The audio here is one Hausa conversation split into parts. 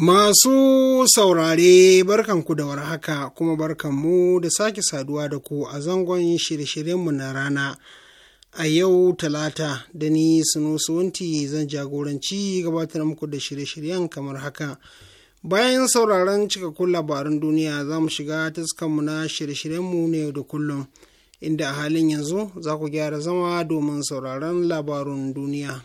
Masu saurare barkanku da haka kuma barkanmu da sake saduwa da ku a zangon shirye-shiryenmu na rana a yau talata da ni sunusuwanti zan jagoranci gabatar muku da shirye-shiryen kamar haka. Bayan sauraron cikakkun labarun duniya za mu shiga taskanmu na shirye-shiryenmu na da kullum inda a halin yanzu za ku gyara zama domin sauraron labarun duniya.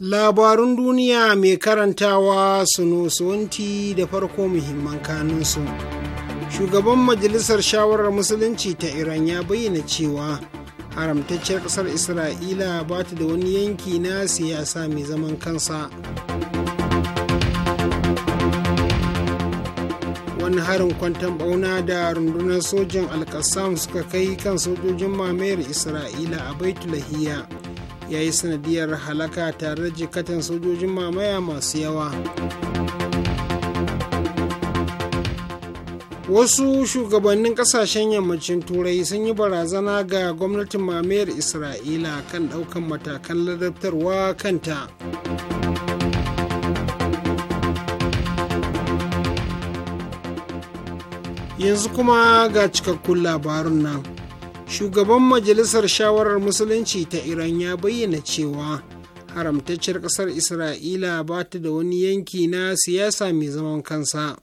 Labarun duniya mai karantawa suwanti da farko muhimman kanunsu. Shugaban Majalisar Shawarar Musulunci ta Iran ya bayyana cewa haramtacciyar ƙasar Isra'ila ba ta da wani yanki na siyasa mai zaman kansa. Wani harin kwantan bauna da rundunar sojin Alkassam suka kai kan sojojin mamayar Isra'ila a Baitulahiya. ya yi sanadiyar halaka tare da jikatan sojojin mamaya masu yawa wasu shugabannin kasashen yammacin turai sun yi barazana ga gwamnatin mamayar isra'ila kan daukan matakan ladabtarwa kanta yanzu kuma ga cikakkun labarun nan shugaban majalisar shawarar musulunci ta iran ya bayyana cewa haramtacciyar ƙasar isra'ila ba ta da wani yanki na siyasa mai zaman kansa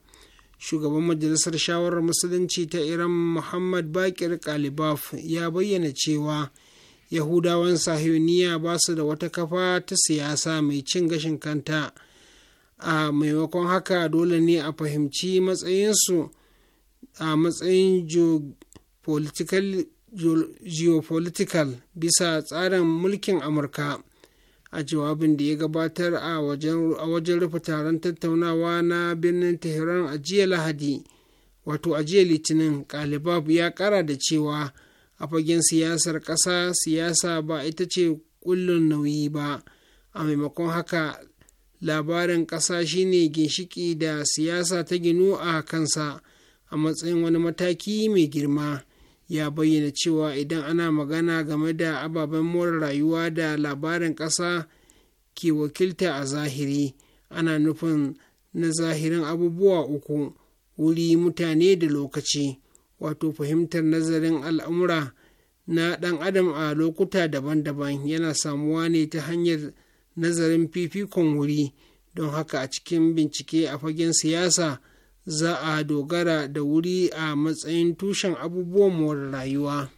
shugaban majalisar shawarar musulunci ta iran muhammad bakir kalibaf ya bayyana cewa yahudawan sahiyoniya ba su da wata kafa ta siyasa mai cin gashin kanta a maimakon haka dole ne a fahimci matsayinsu a matsayin political geopolitical bisa tsarin mulkin amurka a jawabin da ya gabatar a wajen rufe taron tattaunawa na birnin tehran a jiya lahadi wato a jiya litinin kalibab ya kara da cewa a fagen siyasar kasa siyasa ba ita ce kullun nauyi ba a maimakon haka labarin ƙasa shine ginshiki da siyasa ta ginu a kansa a matsayin wani mataki mai girma ya bayyana cewa idan ana magana game da ababen more rayuwa da labarin ƙasa ke wakilta a zahiri ana nufin na zahirin abubuwa uku wuri mutane da lokaci wato fahimtar nazarin al'amura na ɗan adam a lokuta daban-daban yana samuwa ne ta hanyar nazarin fifikon wuri don haka a cikin bincike a fagen siyasa za a dogara da wuri a matsayin tushen abubuwan rayuwa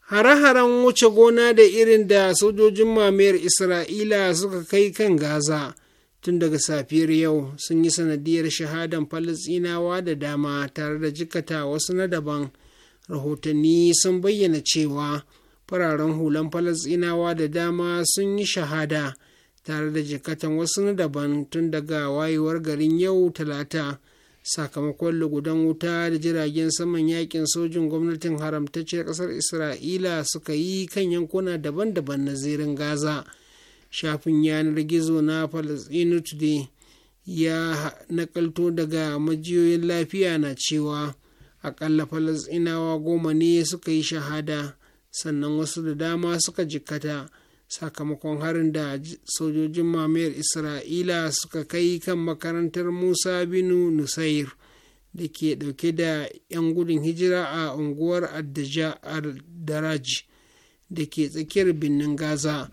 hare-haren wuce gona da irin da sojojin mamayar isra'ila suka kai kan gaza tun daga safiyar yau sun yi sanadiyar shahadan falasinawa da dama tare da jikata wasu na daban rahotanni sun bayyana cewa fararen hulan falasinawa da dama sun yi shahada tare da jikatan wasu na daban tun daga wayewar garin yau talata sakamakon lugudan wuta da jiragen saman yakin sojin gwamnatin haramtacciyar kasar isra'ila suka yi kan yankuna daban-daban na zirin gaza shafin yanar gizo na palestine today ya nakalto daga majiyoyin lafiya na cewa akalla falasinawa goma ne suka yi shahada sannan wasu da dama suka jikkata sakamakon harin da sojojin mamayar isra'ila suka kai kan makarantar musa binu nusair da ke dauke da 'yan gudun hijira a unguwar daraj da ke tsakiyar birnin gaza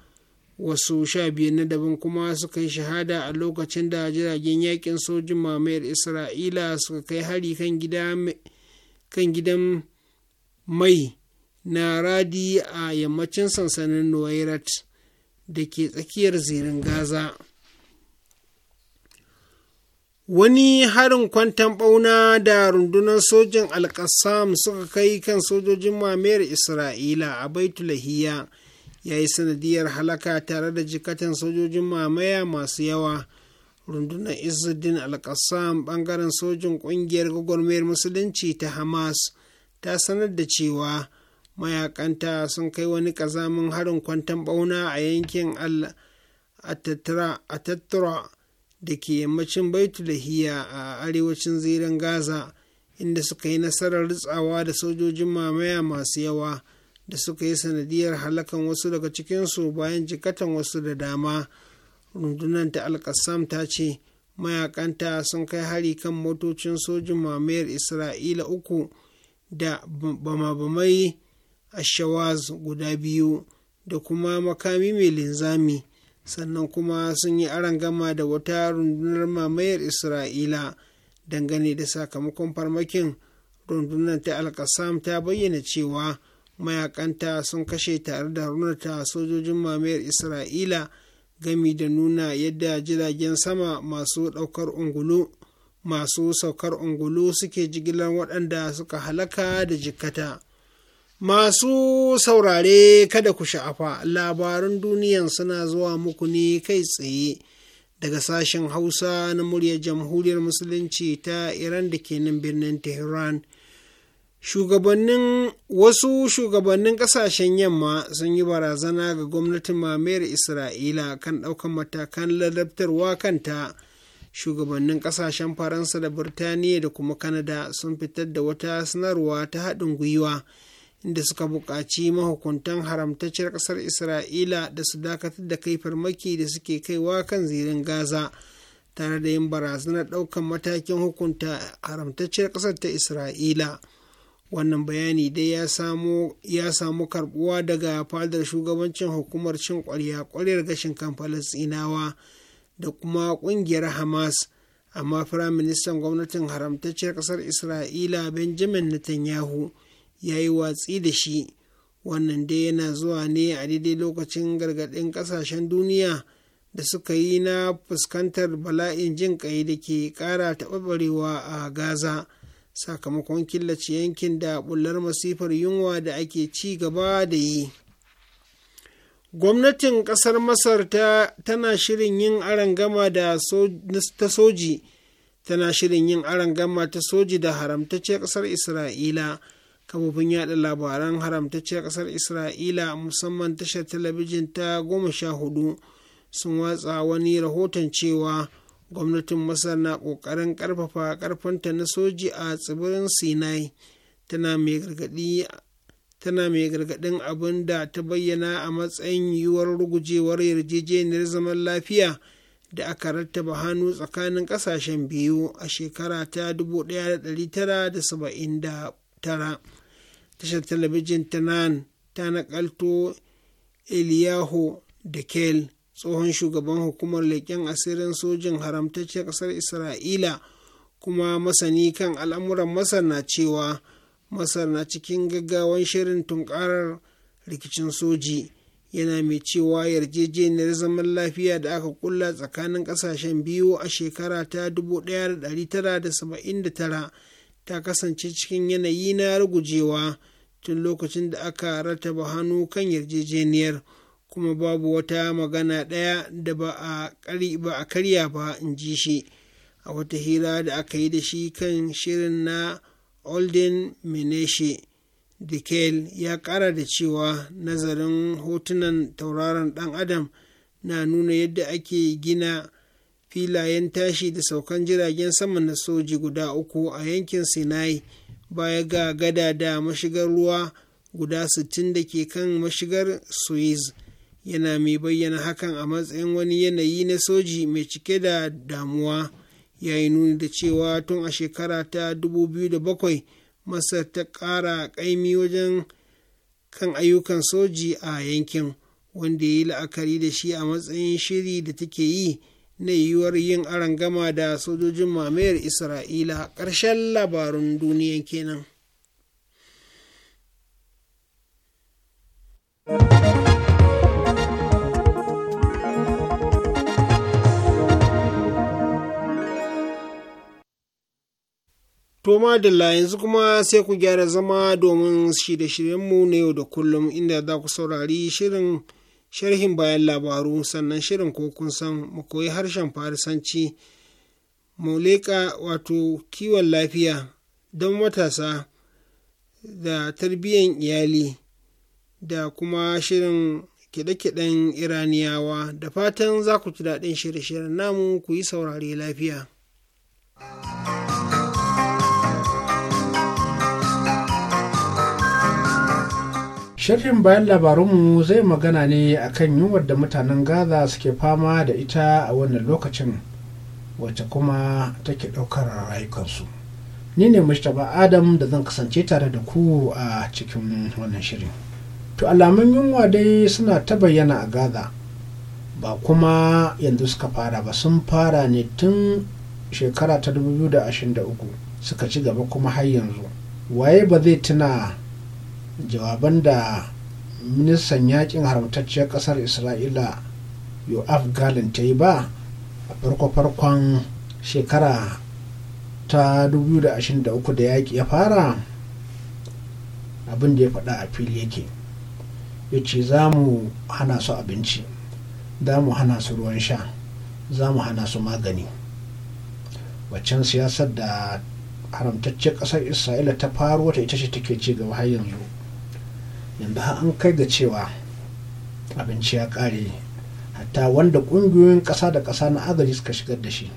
wasu sha biyu na daban kuma suka yi shahada a lokacin da jiragen yakin sojin mamayar isra'ila suka kai hari kan gidan mai na radi a yammacin sansanin nuwairat da ke tsakiyar zirin gaza wani harin kwantan bauna da rundunar sojin alkassam suka kai kan sojojin mamayar isra'ila a baitulahiya ya yi sanadiyar halaka tare da jikatan sojojin mamaya masu yawa rundunar izzuddin alkassam bangaren sojin kungiyar gwagwarmayar musulunci ta hamas ta sanar da cewa mayakanta sun kai wani ƙazamin harin kwantan ɓauna a yankin al-atattara da ke yammacin baitulahiya a arewacin zirin gaza inda suka yi nasarar ritsawa da sojojin mamaya masu yawa da suka yi sanadiyar halakan wasu daga cikinsu bayan jikatan wasu da dama rundunar ta alkassam ta ce mayakanta sun kai hari kan motocin sojin mamayar isra'ila uku da bama-bamai ashawaz guda biyu da kuma makami mai linzami sannan kuma sun yi gama da wata rundunar mamayar isra'ila dangane da sakamakon farmakin rundunar ta alkasam ta bayyana cewa mayakanta sun kashe tare da runata sojojin mamayar isra'ila gami da nuna yadda jiragen sama masu ɗaukar ungulu masu saukar ungulu suke jigilar waɗanda suka halaka da jikkata. Masu saurare kada ku sha'afa labarun duniyan suna zuwa muku ne kai tsaye daga sashen Hausa na muryar Jamhuriyar Musulunci ta Iran da ke nan birnin Tehran. Shugabannin wasu shugabannin ƙasashen yamma sun yi barazana ga gwamnatin mamayar Isra'ila kan ɗaukan matakan ladabtarwa kanta. shugabannin kasashen faransa da birtaniya da kuma kanada sun fitar da wata sanarwa ta haɗin gwiwa da suka buƙaci mahukuntan haramtacciyar ƙasar isra'ila da su dakatar da kai farmaki da suke kaiwa kan zirin gaza tare da yin barazanar ɗaukan matakin hukunta haramtacciyar ƙasar ta isra'ila wannan bayani dai ya samu karbuwa daga fadar shugabancin hukumar cin ƙwarya ƙwaryar gashin kan falasɗinawa da kuma ƙungiyar hamas amma firaministan gwamnatin haramtacciyar ƙasar isra'ila benjamin netanyahu ya yi watsi da shi wannan dai yana zuwa ne a daidai lokacin gargaɗin ƙasashen duniya da suka yi na fuskantar bala'in jin ƙai da ke ƙara taɓaɓarewa a gaza sakamakon killace yankin da bular masifar yunwa da ake ci gaba da yi gwamnatin ƙasar masar ta tana shirin yin arangama da ta soji tana shirin yin arangama ta soji da haramtacce ƙasar isra'ila kafofin yada labaran haramtacciyar kasar isra'ila musamman tashar talabijin ta goma sha hudu sun watsa wani rahoton cewa gwamnatin masar na kokarin karfafa karfanta na soji a tsibirin sinai tana mai gargadin abin da ta bayyana a matsayin yiwuwar rugujewar yarjejeniyar zaman lafiya da aka rattaba hannu tsakanin kasashen biyu a shekara ta 1979 tashar talabijin ta nan ta nakalto eliyahu da kel tsohon shugaban hukumar leƙen asirin sojin haramtacciyar ƙasar isra'ila kuma masani kan al'amuran masar na cewa masar na cikin gaggawan shirin tunkarar rikicin soji yana mai cewa yarjejeniyar zaman lafiya da aka kulla tsakanin ƙasashen biyu a shekara ta 1979 ta kasance cikin yanayi na rugujewa. tun lokacin da aka rattaba hannu kan yarjejeniyar kuma babu wata magana ɗaya da ba a karya ba in ji shi a wata hira da aka yi da shi kan shirin na olden meneshe dikel ya ƙara da cewa nazarin hotunan tauraron ɗan adam na nuna yadda ake gina filayen tashi da saukan jiragen sama na soji guda uku a yankin sinai baya ga gada da mashigar ruwa guda 60 da ke kan mashigar suez yana mai bayyana hakan a matsayin wani yanayi na soji mai cike da damuwa ya yi nuni da cewa tun a shekara ta 2007 masar ta kara kaimi wajen kan ayyukan soji a yankin wanda ya yi la'akari da shi a matsayin shiri da take yi na yiwuwar yin arangama da sojojin mamayar isra'ila ƙarshen labarun duniya kenan Toma da yanzu kuma sai ku gyara zama domin shirye-shiryenmu na yau da kullum inda za ku saurari shirin sharhin bayan labaru sannan shirin ko kun san mu koyi harshen farisanci mu wato kiwon lafiya don matasa da tarbiyyan iyali da kuma shirin kiɗe-kiɗen iraniyawa da fatan za ku ci daɗin shirye-shiryen namu ku yi saurare lafiya. sharhin bayan labarunmu zai magana ne akan yunwar da mutanen gaza suke fama da ita a wannan lokacin wacce kuma take ɗaukar rayukansu ni ne mustapha adam da zan kasance tare da ku a cikin wannan shirin to alamun yunwa dai suna ta bayyana a gaza ba kuma yanzu suka fara ba sun fara ne tun shekara ta 2023 suka ci gaba kuma har yanzu waye ba zai tuna jawaban da ministan yakin haramtacciyar kasar isra'ila yoav galin ta yi ba a farko-farkon shekara ta 2023 da yaki ya fara abin da ya faɗa a fili yake ya ce za mu hana su abinci za mu hana su ruwan sha za mu hana su magani waccan siyasar da haramtacciyar ƙasar isra'ila ta faro ta ita ce take ci gaba har yanzu yanzu an kai ga cewa abinci ya ƙare hatta wanda ƙungiyoyin ƙasa da ƙasa na agaji suka shigar da shi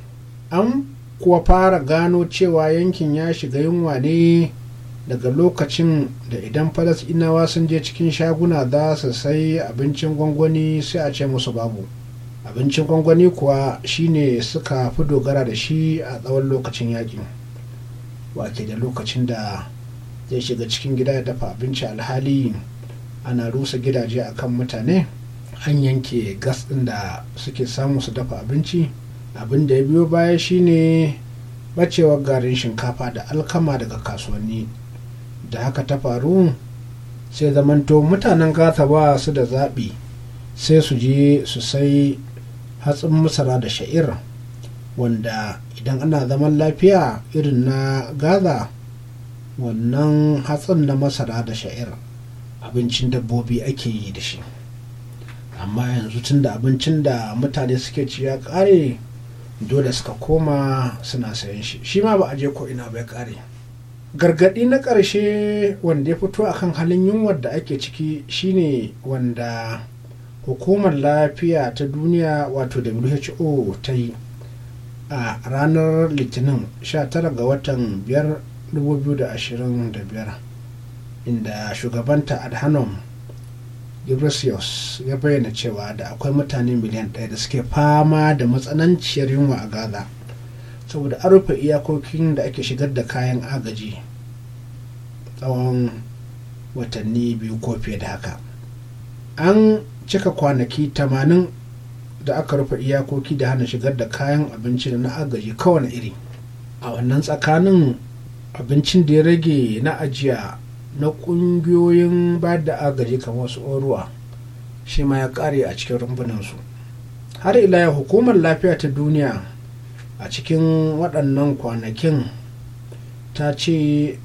an kuwa fara gano cewa yankin ya shiga yunwa ne daga lokacin da idan falasɗinawa sun je cikin shaguna za su sai abincin gwangwani sai a ce musu babu abincin gwangwani kuwa shine suka fi dogara da shi a tsawon lokacin yaƙi wake da lokacin da zai shiga cikin gida ya dafa abinci alhali ana rusa gidaje a kan mutane an yanke gas ɗin da suke samu su dafa abinci abin da ya biyo baya shine bacewar garin shinkafa da alkama daga kasuwanni da haka ta faru sai zamanto mutanen gata ba su da zaɓi sai su je su sai hatsin masara da sha'ir wanda idan ana zaman lafiya irin na gaza wannan hatsin na masara da sha'ir abincin dabbobi ake yi da shi amma yanzu tun da abincin da mutane suke ci ya kare dole suka koma suna sayan shi shi ma ba a je ko ina ba kare gargaɗi na ƙarshe wanda ya fito akan halin yunwar da ake ciki shine wanda hukumar lafiya ta duniya wato who ta yi a ranar litinin 19 ga watan 5 2025 inda shugabanta adhanom Ghebreyesus ya bayyana cewa da akwai mutane miliyan ɗaya da suke fama da matsananciyar yunwa a gaza saboda an rufe iyakokin da ake shigar da kayan agaji tsawon watanni biyu ko fiye da haka an cika kwanaki tamanin da aka rufe iyakoki da hana shigar da kayan abinci na agaji kowane iri a wannan tsakanin abincin da ya rage na ajiya na ƙungiyoyin ba da agaji kamar su oruwa shi ma ya ƙare a cikin rumbuninsu. har ila hukumar lafiya ta duniya a cikin waɗannan kwanakin ta ce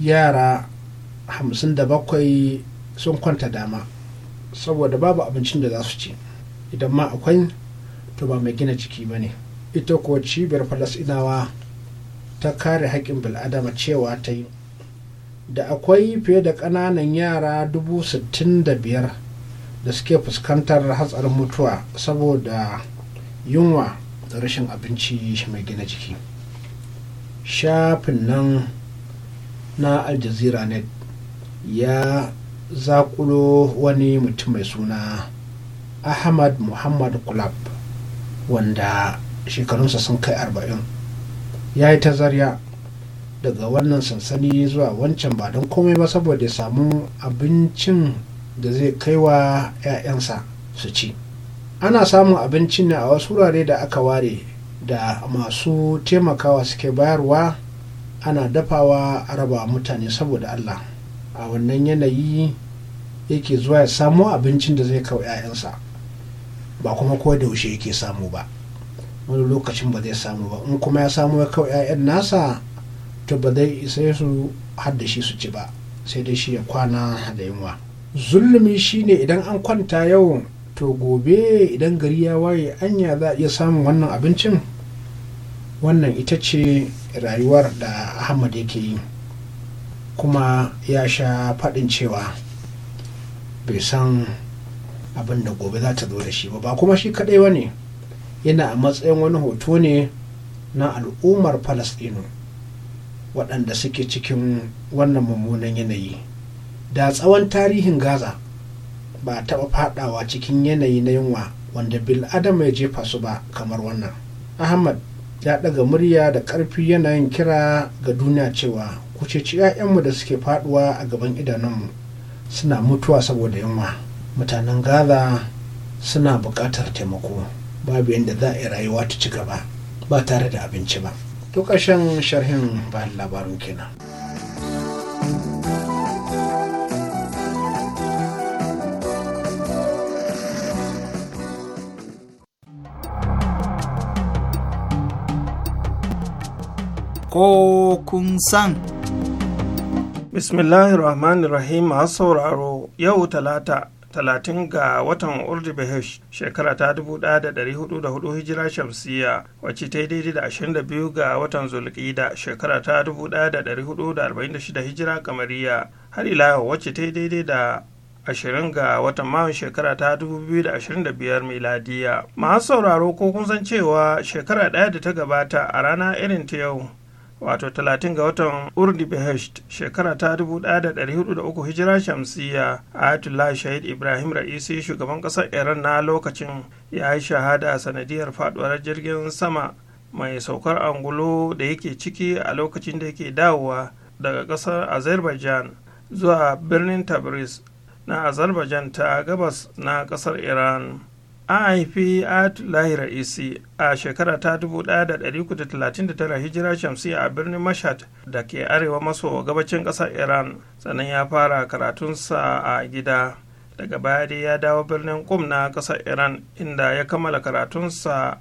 yara 57 sun kwanta dama saboda babu abincin da za su ci idan ma akwai to ba mai gina jiki ba ne ita ko cibiyar falasinawa ta kare haƙƙin bil'adama cewa ta yi da akwai fiye da ƙananan yara 65,000 da suke fuskantar hatsarin mutuwa saboda yunwa da rashin abinci mai gina jiki shafin nan na aljazeera net ya zakulo wani mutum mai suna ahmad muhammad kulab wanda shekarunsa sun kai 40 ya yi ta zarya daga wannan sansani zuwa wancan ba don komai ba saboda ya samu abincin da zai kai wa 'ya'yansa su ci ana samun abincin ne a wasu wurare da aka ware da masu taimakawa suke bayarwa ana dafawa a raba mutane saboda allah a wannan yanayi yake zuwa ya samo abincin da zai kawo 'ya'yansa ba kuma ko da yaushe yake samu ba wani lokacin ba zai samu ba in kuma ya samu ya kawo 'ya'yan nasa to ba zai isa su haddashi su ci ba sai dai shi ya kwana da yunwa zulumi ne idan an kwanta yau to gobe idan gari ya waye anya za a iya samun wannan abincin wannan ita ce rayuwar da ahmad yake yi kuma ya sha faɗin cewa bai san abin da gobe za ta zo da shi ba ba kuma shi kaɗai wani yana a matsayin wani hoto ne na al'ummar falasɗinu waɗanda suke cikin wannan mummunan yanayi da tsawon tarihin gaza ba a taɓa faɗawa cikin yanayi na yunwa wanda bil adama ya jefa su ba kamar wannan ahmad ya ɗaga murya da ƙarfi yanayin kira ga duniya cewa ku ceci 'ya'yanmu da suke faɗuwa a gaban idanunmu suna mutuwa saboda yunwa mutanen gaza suna buƙatar taimako babu yadda za a yi rayuwa ta ci gaba ba tare da abinci ba to ƙarshen sharhin bayan labarun kenan. Ko kun san. Bismillahirrahmanirrahim masu sauraro yau talata talatin ga watan Urdubahesh shekara ta dubu da da hudu hijira shamsiya wacce ta yi daidai da ashirin da biyu ga watan Zulqida shekara ta dubu da da da arba'in shida hijira kamariya har ila wacce ta yi daidai da ashirin ga watan Mayun shekara ta dubu biyu da da ashirin biyar miladiya. Masu sauraro ko kun san cewa shekara ɗaya da ta gabata a rana irin ta yau wato 30 ga watan Behesht shekara ta 1403 hijira shamsiya ayatollah shahid ibrahim ra'isi shugaban kasar iran na lokacin ya yi shahada a sanadiyar faduwar jirgin sama mai saukar angulo da yake ciki a lokacin da yake dawowa daga kasar azerbaijan zuwa birnin tabriz na azerbaijan ta gabas na kasar iran an haifi Atullahi Ra'isi a shekara ta 1939 hijira shamsiya a birnin Mashhad da ke arewa maso gabacin ƙasar Iran sannan ya fara karatunsa a gida daga baya dai ya dawo birnin Qum na ƙasar Iran inda ya kammala karatunsa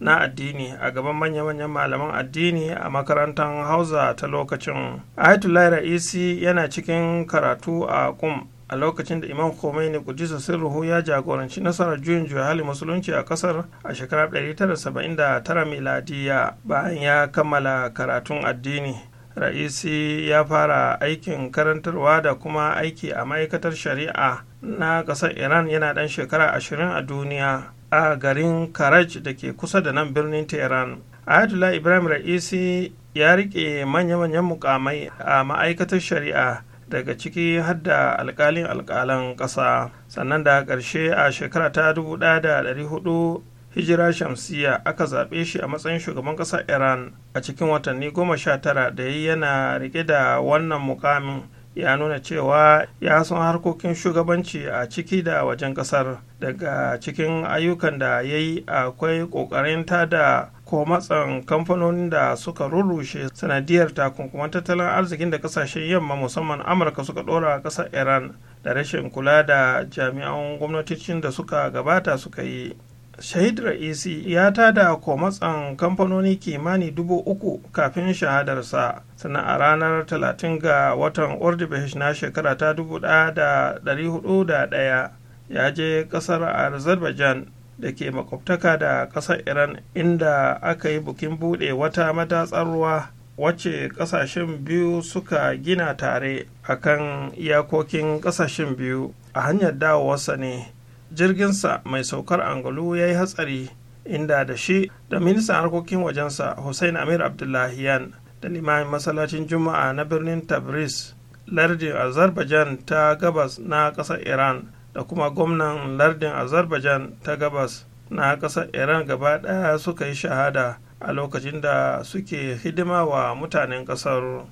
na addini a gaban manya-manyan malaman addini a makarantar Hausa ta lokacin. Ayatollah Ra'isi yana cikin karatu a Qum a lokacin da imam khomeini kudisa sirruhu ya jagoranci nasarar juyin juya hali musulunci a kasar a shekarar 1979 miladiya bayan ya kammala karatun addini ra'isi ya fara aikin karantarwa da kuma aiki a ma'aikatar shari'a na kasar iran yana ɗan shekara 20 a duniya a garin karaj da ke kusa da nan birnin tehran ayatollah ibrahim ra'isi ya rike manya-manyan mukamai a ma'aikatar shari'a daga ciki hadda alkalin alkalan ƙasa sannan da ƙarshe a shekara ta 1400 hijira shamsiya aka zaɓe shi a matsayin shugaban ƙasar iran a cikin watanni goma sha tara da yi yana rike da wannan mukamin ya nuna cewa ya san harkokin shugabanci a ciki da wajen ƙasar daga cikin ayyukan da ya yi akwai ƙoƙarin tada ko matsan kamfanonin da suka rurrushe sanadiyar takunkuman tattalin arzikin da kasashen yamma musamman amurka suka dora a kasar iran da rashin kula da jami'an gwamnatocin da suka gabata suka yi shahid ra'isi ya ta tada matsan kamfanoni kimani dubu uku kafin shahadarsa sannan a ranar 30 ga watan ordibash na shekara ta 1401 ya je kasar azerbaijan da ke makwabtaka da ƙasar iran inda aka yi bukin buɗe wata matatsar ruwa wacce ƙasashen biyu suka gina tare a kan iyakokin ƙasashen biyu a hanyar dawowarsa ne jirginsa mai saukar angulu ya yi hatsari inda da shi da ministan harkokin wajensa hussein amir abdullahiyan da limamin masallacin juma'a na birnin tabriz lardin azerbaijan ta gabas na ƙasar iran da kuma gwamnan lardin azerbaijan ta gabas na ƙasar iran gaba ɗaya suka yi shahada a lokacin da suke hidima wa mutanen ƙasar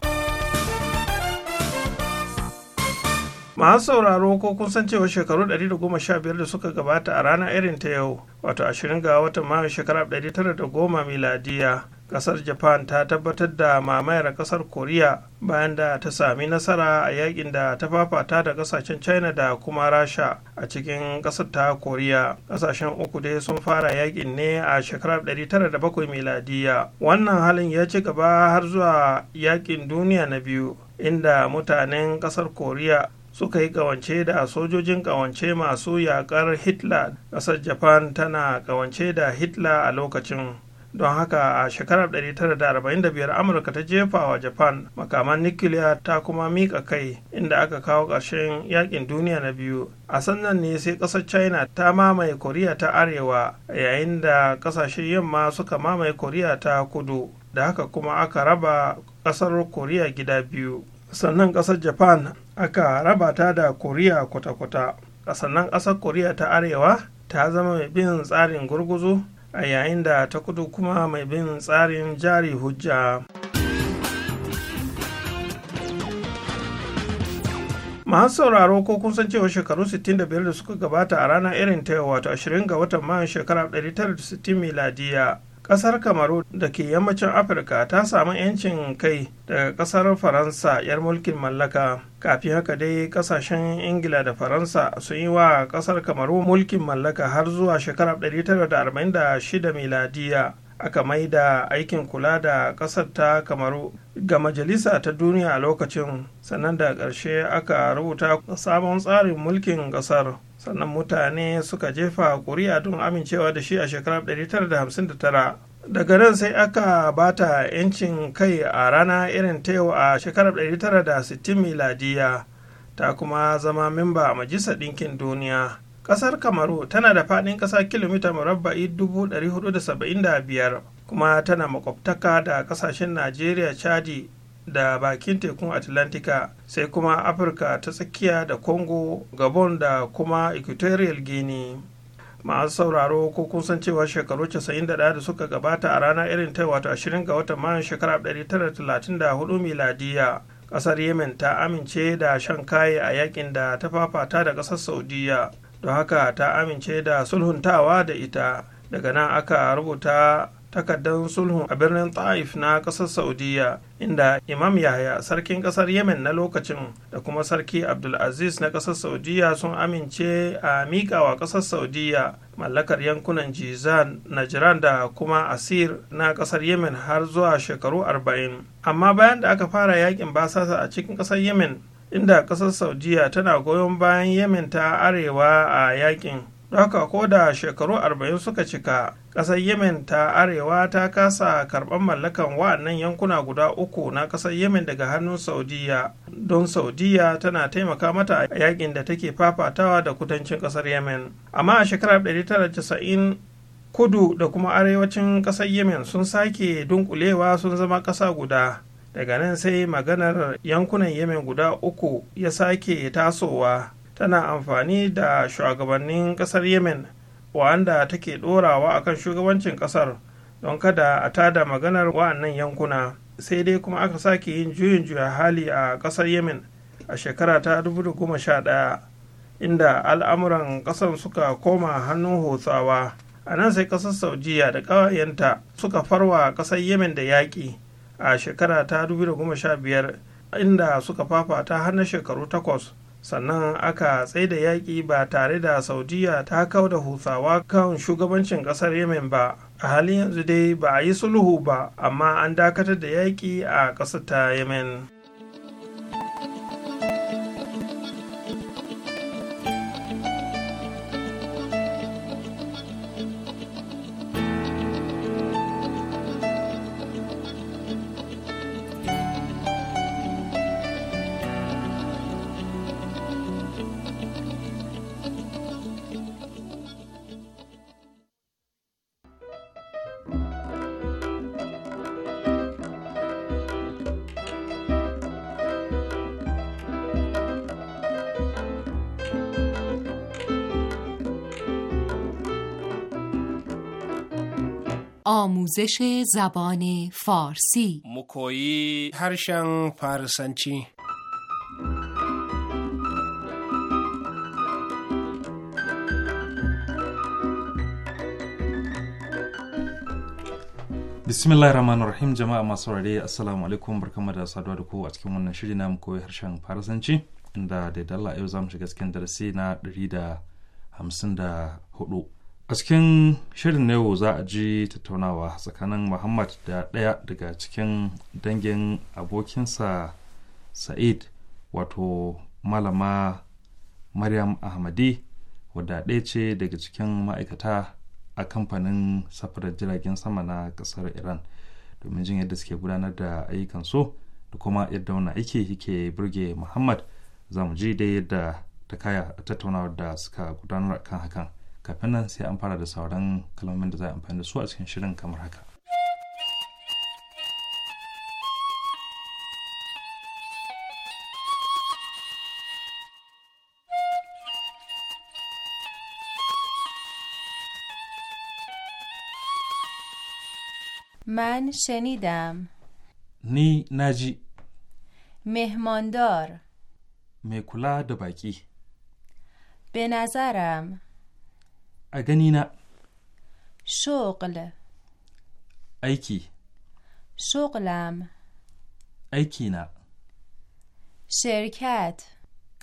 masu sauraro ko kun san cewa shekaru 115 da suka gabata a ranar irin ta yau wato 20 ga watan mayu shekara 1910 miladiya kasar japan ta tabbatar da mamayar kasar koriya bayan da ta sami nasara a yakin da ta fafata da kasashen china da kuma rasha a cikin kasar ta koriya kasashen uku dai sun fara yakin ne a shekarar 1907 miladiya wannan halin ya ci gaba har zuwa yakin duniya na biyu inda mutanen kasar koriya suka yi kawance da sojojin kawance masu yakar hitler kasar japan tana kawance da hitler a lokacin don haka a shekarar 1945 amurka ta jefa wa japan makaman nukiliya ta kuma mika kai inda aka kawo ƙarshen yakin duniya na biyu a sannan ne sai ƙasar china ta mamaye koriya ta arewa yayin da ƙasashen yamma suka mamaye koriya ta kudu da haka kuma aka raba ƙasar koriya gida biyu sannan ƙasar japan aka raba ta da koriya kwata-kwata sannan ƙasar koriya ta arewa ta zama mai bin tsarin gurguzu a yayin da ta kudu kuma mai bin tsarin jari hujja masu sauraro ko kun san cewa shekaru 65 da suka gabata a ranar irin ta wato 20 ga watan mayan shekara 1960 miladiya kasar kamaru da ke yammacin afirka ta samu 'yancin kai daga kasar faransa 'yar mulkin mallaka kafin haka dai kasashen ingila da faransa sun yi wa kasar kamaru mulkin mallaka har zuwa shekarar 1946 miladiya aka maida aikin kula da kasar ta kamaru ga majalisa ta duniya a lokacin sannan da ƙarshe aka rubuta sabon tsarin mulkin kasar sannan mutane suka jefa ƙuri'a don amincewa da shi a shekarar 1959 daga nan sai aka bata 'yancin kai a rana irin ta yau a shekarar 1960 miladiya ta kuma zama mimba a majisa ɗinkin duniya ƙasar kamaru tana da faɗin ƙasa kilomita murabba'i 475 kuma tana makwabtaka da ƙasashen najeriya chadi da bakin tekun atlantika sai kuma afirka ta tsakiya da Kongo gabon da kuma equatorial guinea masu sauraro ko kun san cewa shekaru 91 da suka gabata a rana irin ta wato 20 ga watan mayan shekarar 1934 miladiya kasar yemen ta amince da shan kaye a yakin da ta fafata da kasar saudiya don haka ta amince da sulhuntawa da ita daga nan aka rubuta takardar sulhu a birnin ta'if na ƙasar saudiya inda imam Yahya sarkin ƙasar yemen na lokacin da kuma sarki abdulaziz na ƙasar saudiya sun amince a miƙawa ƙasar saudiya mallakar yankunan jizan najran da kuma asir na ƙasar yemen har zuwa shekaru 40 amma bayan da aka fara yakin basasa a cikin ƙasar yemen inda ƙasar saudiya tana goyon bayan yemen ta arewa a yakin haka ko da shekaru 40 suka cika ƙasar yemen ta arewa ta kasa karɓar mallakan wa'annan yankuna guda uku na ƙasar yemen daga hannun saudiya don saudiya tana taimaka mata a yakin da take fafatawa da kudancin ƙasar yemen amma a shekarar 1990 kudu da kuma arewacin ƙasar yemen sun sake dunkulewa sun zama ƙasa guda daga nan sai maganar yankunan yemen guda uku ya sake tasowa tana amfani da shugabannin ƙasar yemen wa'anda take ɗorawa akan shugabancin ƙasar don kada a tada maganar wa'annan yankuna sai dai kuma aka sake yin juyin juya hali a ƙasar yemen a shekara ta 2011 inda al'amuran ƙasar suka koma hannun hotsawa a nan sai ƙasar saudiya da ƙawayenta suka farwa ƙasar yemen da yaƙi a shekara ta 2015 inda suka fafata har na shekaru takwas sannan aka tsaida yaƙi ba tare da saudiya ta kau da hutsawa kan shugabancin ƙasar yemen ba a halin yanzu dai ba a yi sulhu ba amma an dakatar da yaƙi a ƙasar ta yemen آموزش زبان فارسی مکویی هرشن فارسنچی bismillah rahman rahim jama'a masu saurare assalamu alaikum barkamu da saduwa da ku a cikin wannan shiri na koyi harshen farasanci inda da dalla yau za mu shiga cikin darasi na 154 a cikin shirin yau za a ji tattaunawa tsakanin muhammad da ɗaya daga cikin dangin abokinsa sa'id wato malama maryam ahmadi wadda ɗaya ce daga cikin ma'aikata a kamfanin safarar jiragen sama na ƙasar iran domin jin yadda suke gudanar da ayyukan so da kuma yadda wani aiki yake burge muhammad za mu ji da yadda ta kaya tattaunawar da suka gudanar kan hakan kafin nan sai an fara da sauran kalmomin da za a amfani da su a cikin shirin kamar haka من شنیدم نی ناجی مهماندار مکولا دباکی به نظرم a gani شغل ایکی شغلم ایکی نه شرکت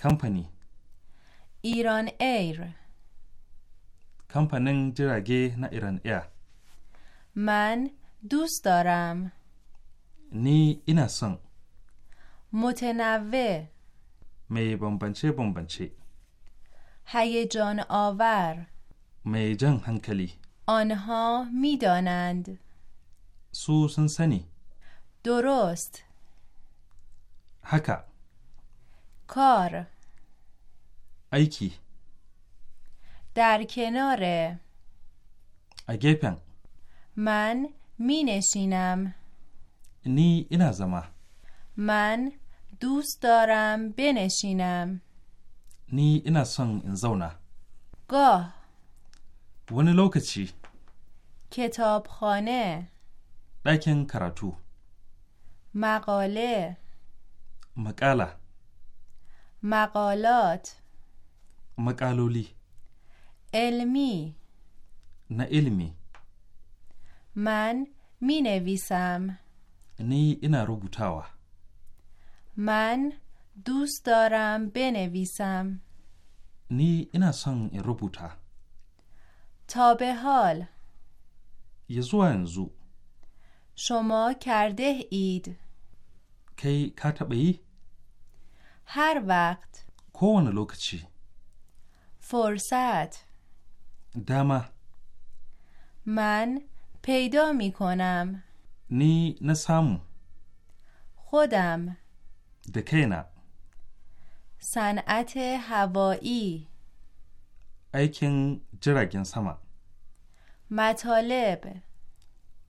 کمپنی ایران ایر kamfanin جرگه نه ایران ایر من دوست دارم نی اینا سن متنوع می بمبنچه بمبنچه هیجان آور میجن هنکلی آنها میدانند سو سنسنی درست حکا کار ایکی در کنار اگیپن من می نشینم نی این زما من دوست دارم بنشینم نی این سن این زونه گاه wani lokaci kitabxone ɗakin karatu maƙale Makala. maƙalot Makaloli. ilmi na ilmi man minevisam ni ina rubutawa man bene benevisam ni ina son in rubuta تا به حال یزوانزو شما کرده اید کی کتبی هر وقت کون لوکچی فرصت دما من پیدا می کنم نی نسامو خودم دکینا صنعت هوایی ایکن جرگن سما مطالب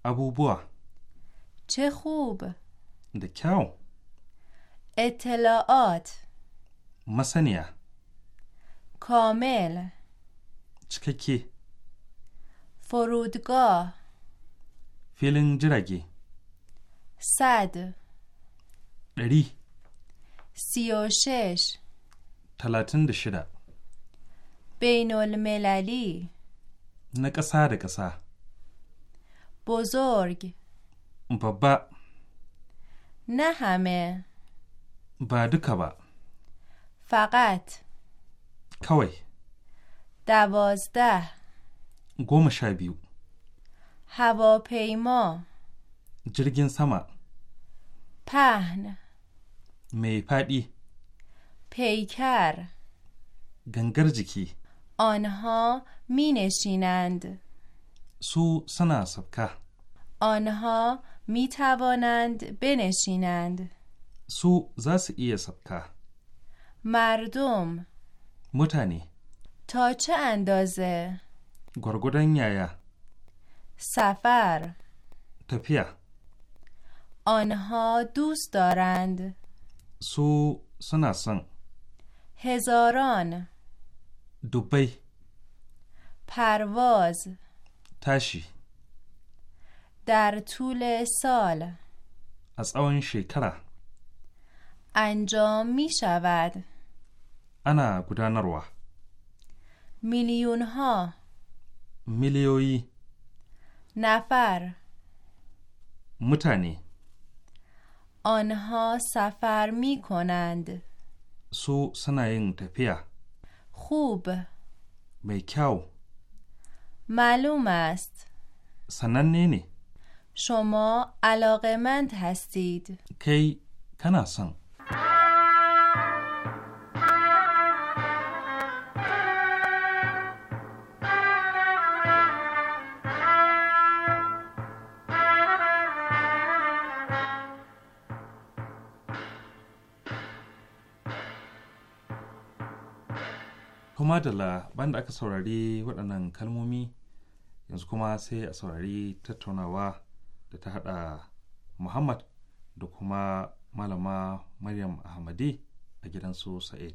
ابو بوا. چه خوب دکاو اطلاعات مسنیا کامل چککی فرودگاه فیلن جرگی صد ری سی و شش تلاتن دشده بین المللی na ƙasa da ƙasa. Bozorg. Babba. Na hame. Ba duka ba. Faƙat. Kawai. Dabozda. Goma sha biyu. Hawapaimo. Jirgin sama. Pahn. Mai faɗi. Paikar. Gangar jiki. onho می نشینند سو سنا سبکه آنها می توانند بنشینند سو زس ای سبکه مردم متنی تا چه اندازه گرگودن یایا سفر تپیا آنها دوست دارند سو سناسن هزاران دوبی پرواز تشی در طول سال از آن شکره انجام می شود انا نروه میلیون ها میلیوی نفر متنی آنها سفر می کنند سو این تفیه خوب میکاو معلوم است سنن نینی؟ شما علاقمند هستید کی کناسن madala banda aka saurari waɗannan kalmomi yanzu kuma sai a saurari tattaunawa da ta haɗa muhammad da kuma malama maryam ahmadi a gidansu sa'id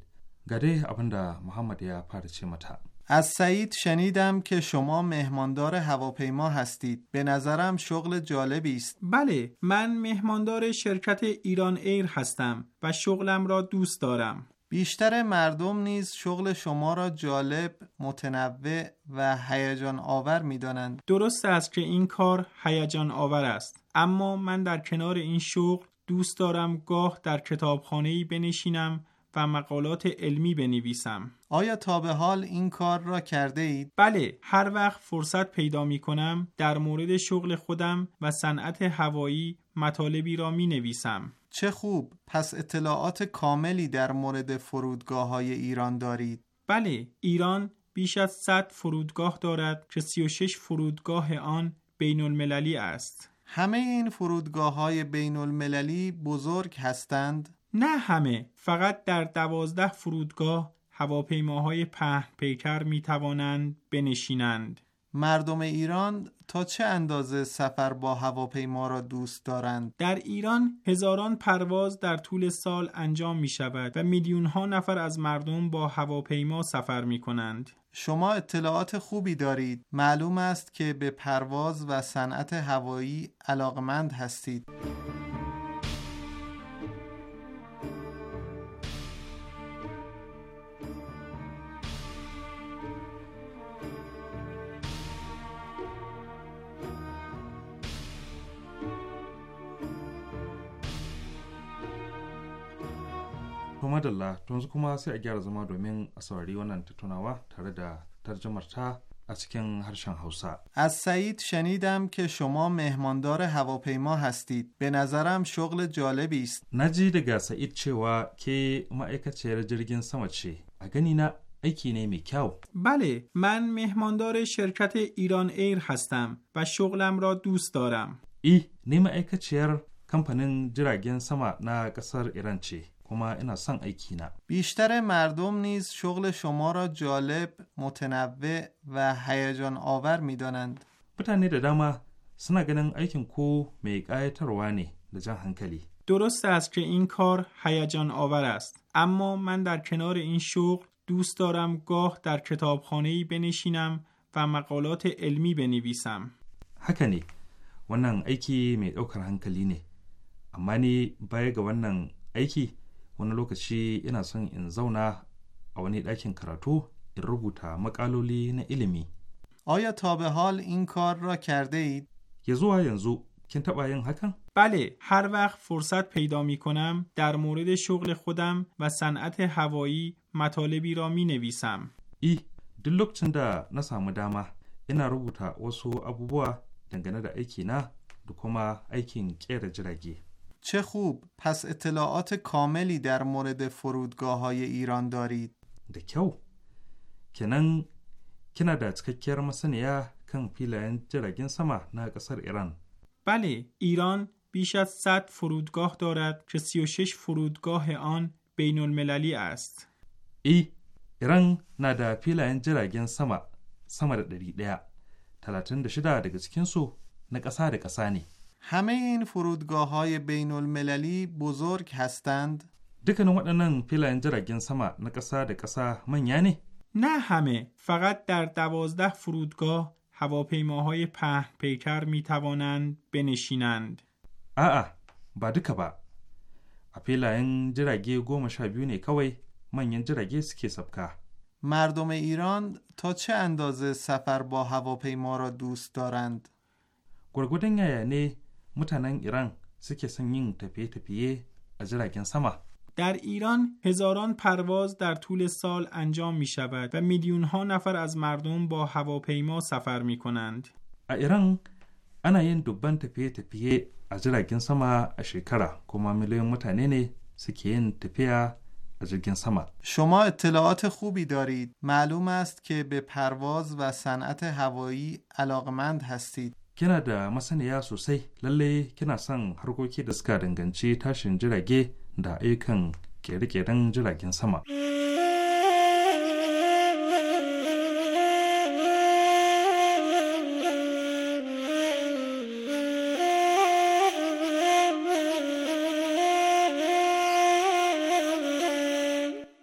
ga dai abinda muhammad ya fara ce mata از سعید شنیدم که شما مهماندار هواپیما هستید. به نظرم شغل جالبی است. بله، من مهماندار شرکت ایران ایر هستم و شغلم را دوست دارم. بیشتر مردم نیز شغل شما را جالب، متنوع و هیجان آور می دانند. درست است که این کار هیجان آور است. اما من در کنار این شغل دوست دارم گاه در کتابخانه بنشینم و مقالات علمی بنویسم. آیا تا به حال این کار را کرده اید؟ بله، هر وقت فرصت پیدا می کنم در مورد شغل خودم و صنعت هوایی مطالبی را می نویسم. چه خوب پس اطلاعات کاملی در مورد فرودگاه های ایران دارید بله ایران بیش از 100 فرودگاه دارد که 36 فرودگاه آن بین المللی است همه این فرودگاه های بین المللی بزرگ هستند؟ نه همه فقط در دوازده فرودگاه هواپیماهای پهن پیکر می توانند بنشینند مردم ایران تا چه اندازه سفر با هواپیما را دوست دارند در ایران هزاران پرواز در طول سال انجام می شود و میلیون ها نفر از مردم با هواپیما سفر می کنند شما اطلاعات خوبی دارید معلوم است که به پرواز و صنعت هوایی علاقمند هستید To madalla yanzu kuma sai a gyara zama domin a saurari wannan tattaunawa tare da tarjamar ta a cikin harshen Hausa. از سعید شنیدم که شما مهماندار هواپیما هستید. به نظرم شغل جالبی است. نجی daga Sa'id cewa ke ma'aikaciyar jirgin sama ce. A gani na aiki ne mai kyau. bale man مهماندار شرکت ایران ایر هستم و شغلم را دوست دارم. ای، ni ma'aikaciyar kamfanin jiragen sama na kasar Iran ce. بیشتر مردم نیز شغل شما را جالب، متنوع و هیجان آور می دانند. mutane da dama suna ایکن کو ko درست است که این کار هیجان آور است اما من در کنار این شغل دوست دارم گاه در کتابخانه ای بنشینم و مقالات علمی بنویسم هکنی، ونن ایکی می mai هنکلی نه اما نی بای wani lokaci ina son in zauna a wani ɗakin karatu in rubuta na ilimi آیا تا به حال این کار را کرده اید؟ یه زو ینزو کن تبا حکم؟ بله هر وقت فرصت پیدا می کنم در مورد شغل خودم و صنعت هوایی مطالبی را می نویسم ای دلوک چند نسام داما اینا واسو وسو ابوبوا دنگنه دا ایکی نه دو ایکین کیر جرگی چه خوب پس اطلاعات کاملی در مورد فرودگاه های ایران دارید دکو کنن کنا دات خکر مسن یا کن پیل جرگین سما نا قصر ایران بله ایران بیش از 100 فرودگاه دارد که 36 فرودگاه آن بین المللی است ای ایران نا دا پیل جراگن سما سما دری دیا تلاتن دشدا دگ سو نا قصر همه این فرودگاه های بین المللی بزرگ هستند؟ دکنون سما نکسا دکسا من نه همه فقط در دوازده فرودگاه هواپیماهای پهن پیکر می توانند بنشینند آه با دکه با این جرگی گوم شبیونه کوی من این جرگی سکی سبکه مردم ایران تا چه اندازه سفر با هواپیما را دوست دارند؟ گرگودن یعنی mutanen ایران در ایران هزاران پرواز در طول سال انجام می شود و میلیون ها نفر از مردم با هواپیما سفر می کنند. ایران انا یین دوبان تپیه تپیه از جرگین سما اشکرا کما تپیه از جرگین سما. شما اطلاعات خوبی دارید. معلوم است که به پرواز و صنعت هوایی علاقمند هستید. kina da masaniya sosai lalle kina son harkoki da suka danganci tashin jirage da ayyukan kere-keren jiragen sama.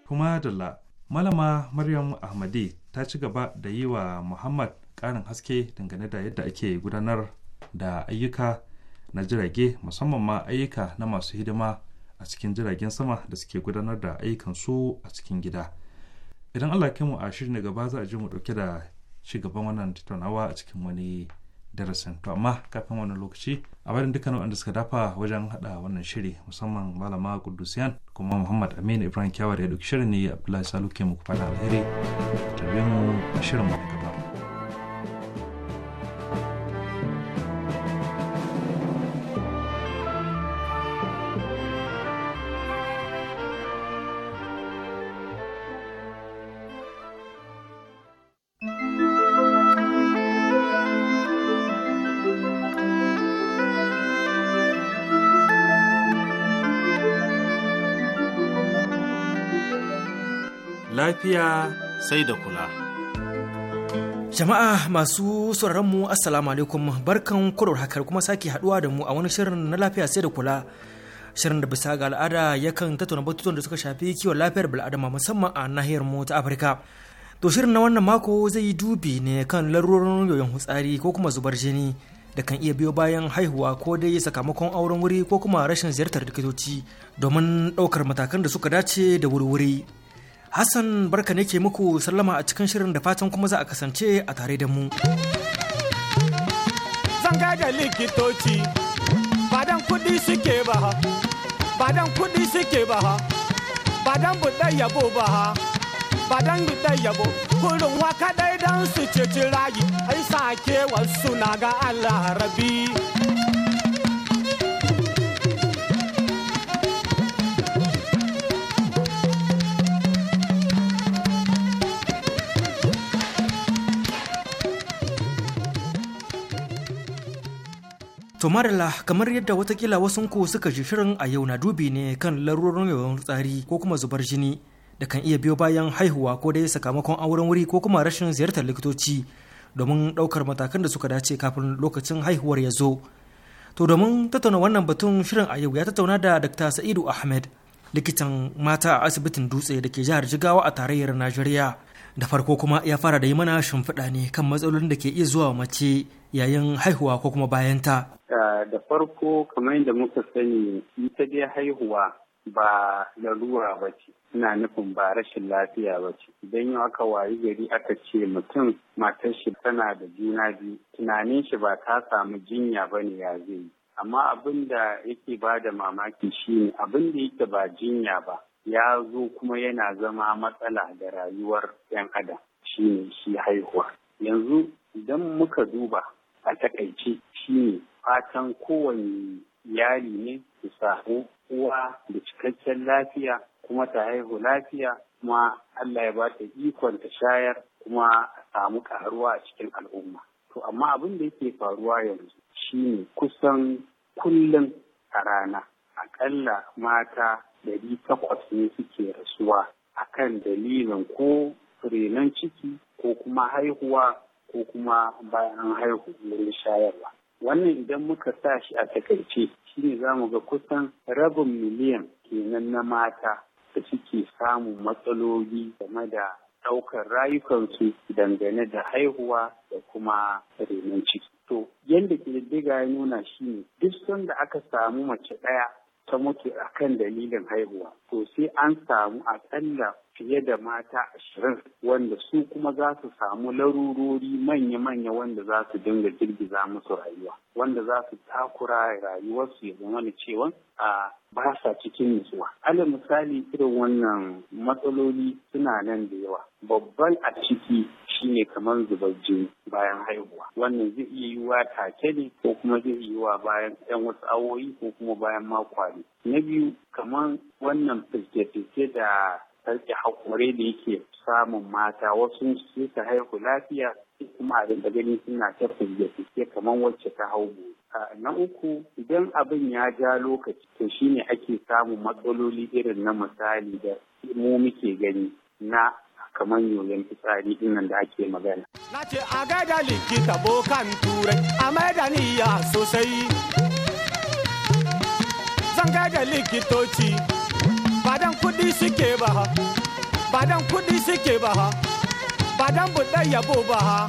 kuma dalla malama maryam ahmadi ta ci gaba da yi wa muhammad karin haske dangane da yadda ake gudanar da ayyuka na jirage musamman ma ayyuka na masu hidima a cikin jiragen sama da suke gudanar da ayyukan su a cikin gida idan allah mu a shirin gaba za a je mu dauke da ci gaban wannan tattaunawa a cikin wani darasin to amma kafin wannan lokaci a barin dukkan waɗanda suka dafa wajen haɗa wannan shiri musamman malama kudusiyan kuma muhammad aminu ibrahim kyawar ya ɗauki shirin ne abdullahi salu ke muku fada alheri tarbe mu shirin mu lafiya sai da kula. Jama'a masu sauraron mu Assalamu alaikum barkan kurar hakar kuma sake haduwa da mu a wani shirin na lafiya sai da kula. Shirin da bisa ga al'ada yakan tattauna batutuwan da suka shafi kiwon lafiyar bil'adama musamman a nahiyar mu ta Afirka. To shirin na wannan mako zai yi dubi ne kan larurorin yoyon hutsari ko kuma zubar jini da kan iya biyo bayan haihuwa ko dai sakamakon auren wuri ko kuma rashin ziyartar likitoci domin ɗaukar matakan da suka dace da wuri-wuri. Hassan barka ne ke muku sallama a cikin shirin da fatan kuma za a kasance a tare da mu. Zanga da likitoci, badan kuɗi suke ba ha, badan kuɗi suke ba ha, badan buɗe yabo ba ha, badan buɗe yabo, kurin waka dai don su ceci rayu, ai sa kewar suna ga Allah rabi. To marala kamar yadda watakila wasunku suka ji shirin a yau na dubi ne kan larurorin yawan tsari ko kuma zubar jini da kan iya biyo bayan haihuwa ko dai sakamakon auren wuri ko kuma rashin ziyartar likitoci domin ɗaukar matakan da suka dace kafin lokacin haihuwar ya zo. To domin tattauna wannan batun shirin a yau ya tattauna da Dr. Sa'idu Ahmed likitan mata a asibitin dutse da ke jihar Jigawa a tarayyar Najeriya. da farko kuma ya fara da yi mana shimfiɗa ne kan matsalolin da ke iya zuwa mace yayin haihuwa ko kuma bayan ta eh, Da farko kamar da muka sani ita dai haihuwa ba larura ba ce ina nufin ba rashin lafiya ba ce idan yau aka wayi gari aka ce mutum matar shi tana da juna biyu tunanin shi ba ta samu jinya ba ne ya zai amma abin da yake ba da mamaki ne abin da yake ba jinya ba ya zo kuma yana zama matsala da rayuwar 'yan adam shi ne shi haihuwa yanzu idan muka duba a takaice shi ne fatan kowane iyali ne su sahu. uwa da cikakken lafiya kuma ta haihu lafiya kuma Allah ya ba ta ikon ta shayar kuma a samu karuwa a cikin al'umma to amma abin da yake faruwa yanzu Shi ne kusan kullum a rana akalla mata ɗari takwas ne suke rasuwa a kan dalilin ko renon ciki ko kuma haihuwa ko kuma bayan haihu wurin shayarwa. Wannan idan muka sa shi a takaice shi ne za mu ga kusan rabin miliyan kenan na mata da suke samun matsaloli game da ɗaukar rayukansu dangane da haihuwa da kuma renon ciki. To, yadda ƙididdiga ya nuna shi ne, duk sanda aka samu mace ɗaya ta mutu akan dalilin haihuwa to sai an samu akalla fiye da mata ashirin wanda su kuma za su samu larurori manya-manya wanda za su dinga girgiza musu rayuwa wanda za su takura rayuwarsu ya zama da cewa a ba sa cikin nutsuwa. Alal misali irin wannan matsaloli suna nan da yawa. Babban a ciki shine kamar zubar jini bayan haihuwa. Wannan zai iya yiwuwa take ne ko kuma zai iya yiwuwa bayan 'yan wasu awoyi ko kuma bayan makwari, Na biyu kamar wannan firke-firke da sarki haƙure da yake samun mata wasu suka haihu lafiya kuma abin da gani suna ta fulge kamar wacce ta hau na uku idan abin ya ja lokaci to shine ake samun matsaloli irin na misali da mu muke gani na kamar yoyon fitsari dinnan da ake magana. Na ce a gaida likita bokan turai a maida sosai. Zan gaida likitoci ba dan suke ba ha ba dan suke ba ha ba dan buɗe yabo ba ha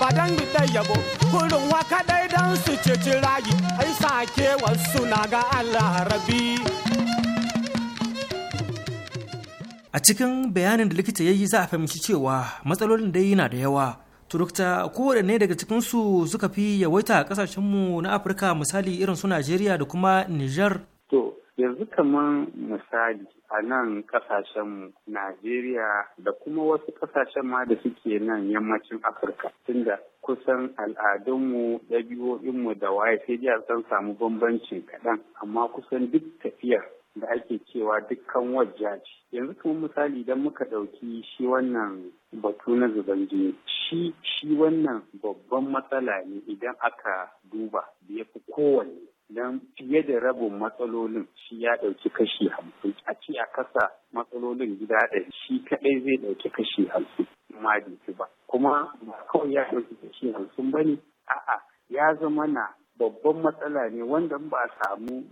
badan dan buɗe yabo kurin wa dai dan su ceci rayi ai sake wasu na ga Allah rabi a cikin bayanin da likita yayi yi za a fahimci cewa matsalolin dai yana da yawa turukta kowaɗanne daga cikinsu suka fi yawaita a ƙasashenmu na afirka misali irin su najeriya da kuma niger yanzu kamar misali a nan kasashen najeriya da kuma wasu kasashen ma da suke nan yammacin afirka tunda kusan al'adunmu ɗabi'o'inmu da waye sai dai san samu bambancin kaɗan amma kusan duk tafiyar da ake cewa dukkan wajja ce yanzu kuma misali idan muka ɗauki shi wannan batu na zuban jini shi shi wannan babban matsala ne idan aka duba da ya fi kowanne don fiye da rabin matsalolin shi ya ɗauki kashi hamsin a ce a kasa matsalolin gida ɗaya shi kaɗai zai ɗauki kashi hamsin ma ba kuma ba kawai ya ɗauki kashi hamsin ba ne a'a ya zama na babban matsala ne wanda ba a samu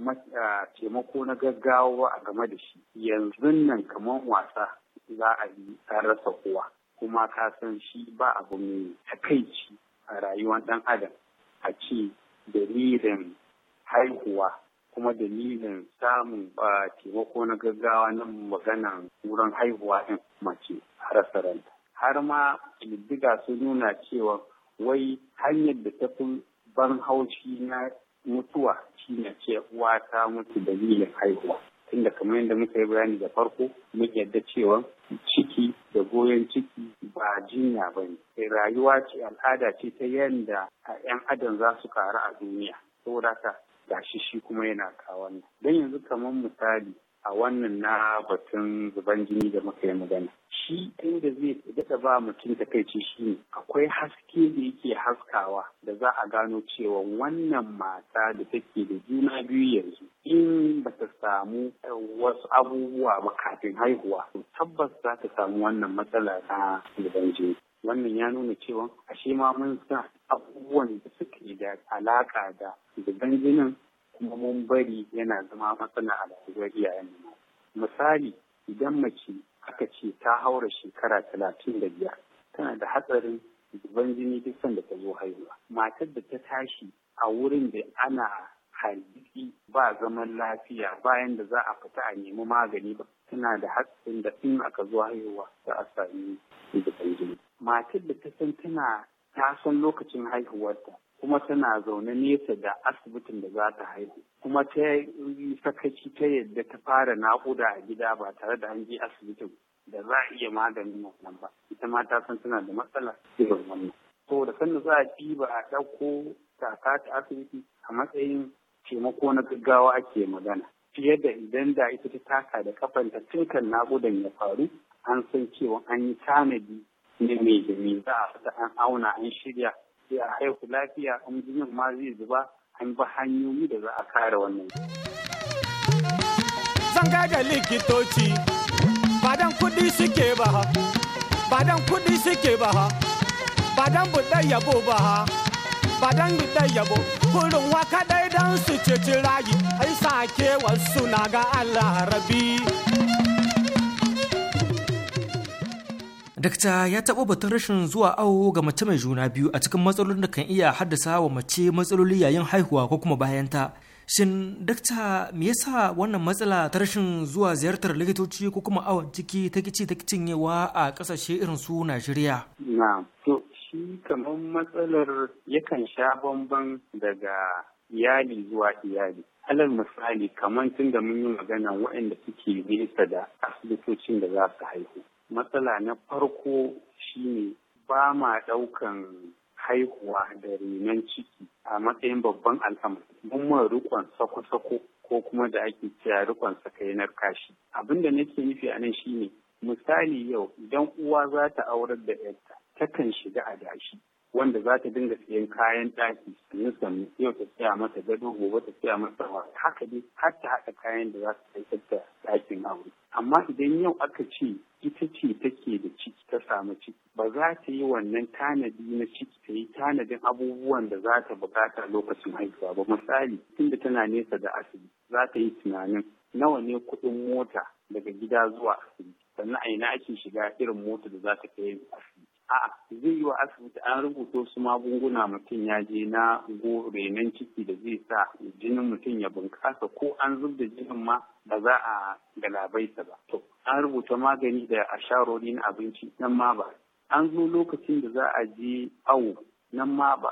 taimako na gaggawa a game da shi yanzu nan kamar wasa za a yi a rasa kowa kuma ka san shi ba abu mai takaici a rayuwar ɗan adam a ce dalilin haihuwa kuma dalilin samun ba ah, taimako na gaggawa na maganan wurin haihuwa ɗin mace rasa ranta. Har ma diddiga sun nuna cewa wai hanyar da ta fi ban haushi na mutuwa ne ce uwa ta mutu dalilin haihuwa. Tunda kamar yadda muka yi bayani da farko mun yadda cewa ciki da goyon ciki ba jinya ba ne. Eh, rayuwa ce al'ada ce ta yadda 'yan adam za su karu a duniya. Saboda haka gashi shi kuma yana kawo don yanzu kamar misali a wannan na batun zuban jini da muka yi magana shi inda zai daɗa ba mutum takaici shi ne akwai haske da yake haskawa da za a gano cewa wannan mata da take da juna biyu yanzu in ba ta samu eh, wasu abubuwa ba kafin haihuwa tabbas za ta samu wannan matsala na zuban jini wannan ya nuna cewa ashe ma mun sa abubuwan da suke da alaƙa da zuban jinin kuma mun bari yana zama matsala a rayuwar iyayen misali idan mace aka ce ta haura shekara talatin da biyar tana da hatsarin zuban jini duk sanda ta zo haihuwa matar da ta tashi a wurin da ana hargitsi ba zaman lafiya bayan da za a fita a nemi magani ba tana da hatsarin da in aka zo haihuwa za a sami zuban jini matar da ta san tana ta san lokacin haihuwarta kuma tana zaune nesa da asibitin da za ta haihu kuma ta yi sakaci ta yadda ta fara naƙuda a gida ba tare da an je asibitin da za a iya maganin wannan ba ita ma ta san tana da matsala irin wannan saboda sanda za a ba a ɗauko kaka ta asibiti a matsayin taimako na gaggawa ake magana fiye da idan da ita ta taka da kafanta tun kan naƙudan ya faru an san cewa an yi tanadi ne mai jami za a fita an auna an shirya sai a haihu lafiya an jinin ma zai zuba an bi hanyoyi da za a kare wannan. Zanga da likitoci badan kudi suke ba ha badan kudi suke ba ha badan buɗe yabo ba ha badan buɗe yabo kurin waka dai dan su ceci rayu ai sake wasu na ga Allah rabi. Dakta ya taɓa batun rashin zuwa awo ga mace mai juna biyu a cikin matsalolin da kan iya haddasa wa mace matsaloli yayin haihuwa ko kuma bayan ta. Shin dakta me yasa wannan matsala ta rashin zuwa ziyartar likitoci ko kuma awon ciki ta kici ta cinyewa a ƙasashe irin su Najeriya? Na, to shi kamar matsalar yakan sha bamban daga iyali zuwa iyali. alal misali kamar tun da mun yi magana waɗanda suke nesa da asibitocin da za su haihu matsala na farko shine ba ma ɗaukan haihuwa da renon ciki a matsayin babban al'amari mun ma rikon sako-sako ko kuma da ake cewa rikon sakainar kashi abin da nake nufi a nan shine misali yau idan uwa za ta aurar da yarta takan shiga a adashi wanda za ta dinga siyan kayan ɗaki sannan yau ta siya masa gado gobe ta siya masa haka dai har ta haɗa kayan da za ta aikata da ɗakin aure amma idan yau aka ce ita ce take da ciki ta samu ciki ba za ta yi wannan tanadi na ciki ta yi tanadin abubuwan da za ta buƙata lokacin haihuwa ba misali tunda tana nesa da asibiti za ta yi tunanin nawa ne kuɗin mota daga gida zuwa asibiti sannan a ina ake shiga irin mota da za ta kai A'a zai yi wa asibiti an rubuta su magunguna mutum ya je na renon ciki da zai sa jinin mutum ya bunƙasa ko an zub da jinin ma ba za a galabaita ba. To, an rubuta magani da a sharori na abinci nan ma ba. An zo lokacin da za a je awo nan ma ba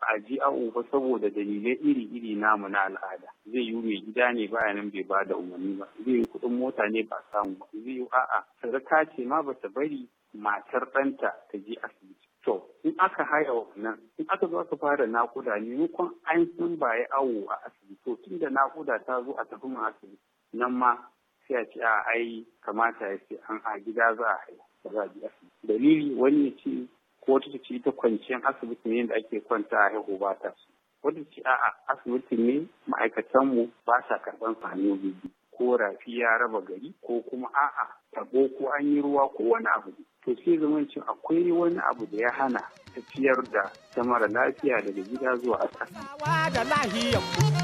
a ji awo ba saboda dalilai iri-iri namu na al'ada zai yi mai gida ne baya nan bai ba da umarni ba zai yi kuɗin mota ne ba samu ba zai yi a'a sadaka ce ma ba ta bari matar ɗanta ta je asibiti. To, in aka haya wannan, in aka zo aka fara naƙuda maimakon an san ba ya awo a asibiti, to tun da naƙuda ta zo a tafi mu asibiti, nan ma sai a ce a ai kamata ya ce an a gida za a haya, ba za a je asibiti. Dalili wani ya ce ko wata ta ce ita kwanciyar asibiti ne da ake kwanta a haihu ba ta su. Wata ce a asibiti ne ma'aikatanmu ba sa karɓar sami biyu. ko rafi ya raba gari ko kuma a'a tabo ko an yi ruwa ko wani abu to sai zaman cin akwai wani abu da ya hana tafiyar da ta lafiya daga gida zuwa asibiti.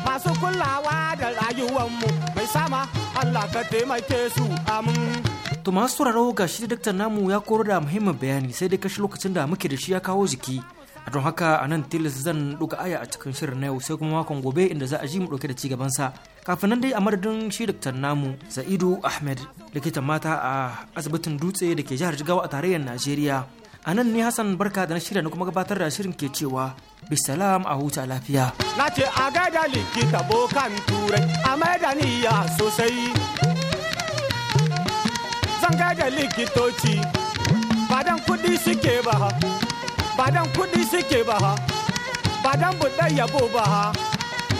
Masu kulawa da rayuwanmu mai sama Allah taimake su amin. To masu sauraro ga shi daktar namu ya koro da muhimmin bayani sai dai kashi lokacin da muke da shi ya kawo jiki. A don haka a nan tilis zan ɗuga aya a cikin shirin na yau sai kuma makon gobe inda za a ji mu ɗauke da cigabansa. kafin nan dai a madadin shi daktar namu sa'idu ahmed likitan mata a asibitin dutse da ke jihar jigawa a tarayyar najeriya a nan ne hassan barka da na shirya na kuma gabatar da shirin ke cewa bisalam a huta lafiya na ce a gaida likita bokan turai a maidaniya sosai zan gaida likitoci badan kudi suke ba badan kudi suke ba badan buɗe yabo ba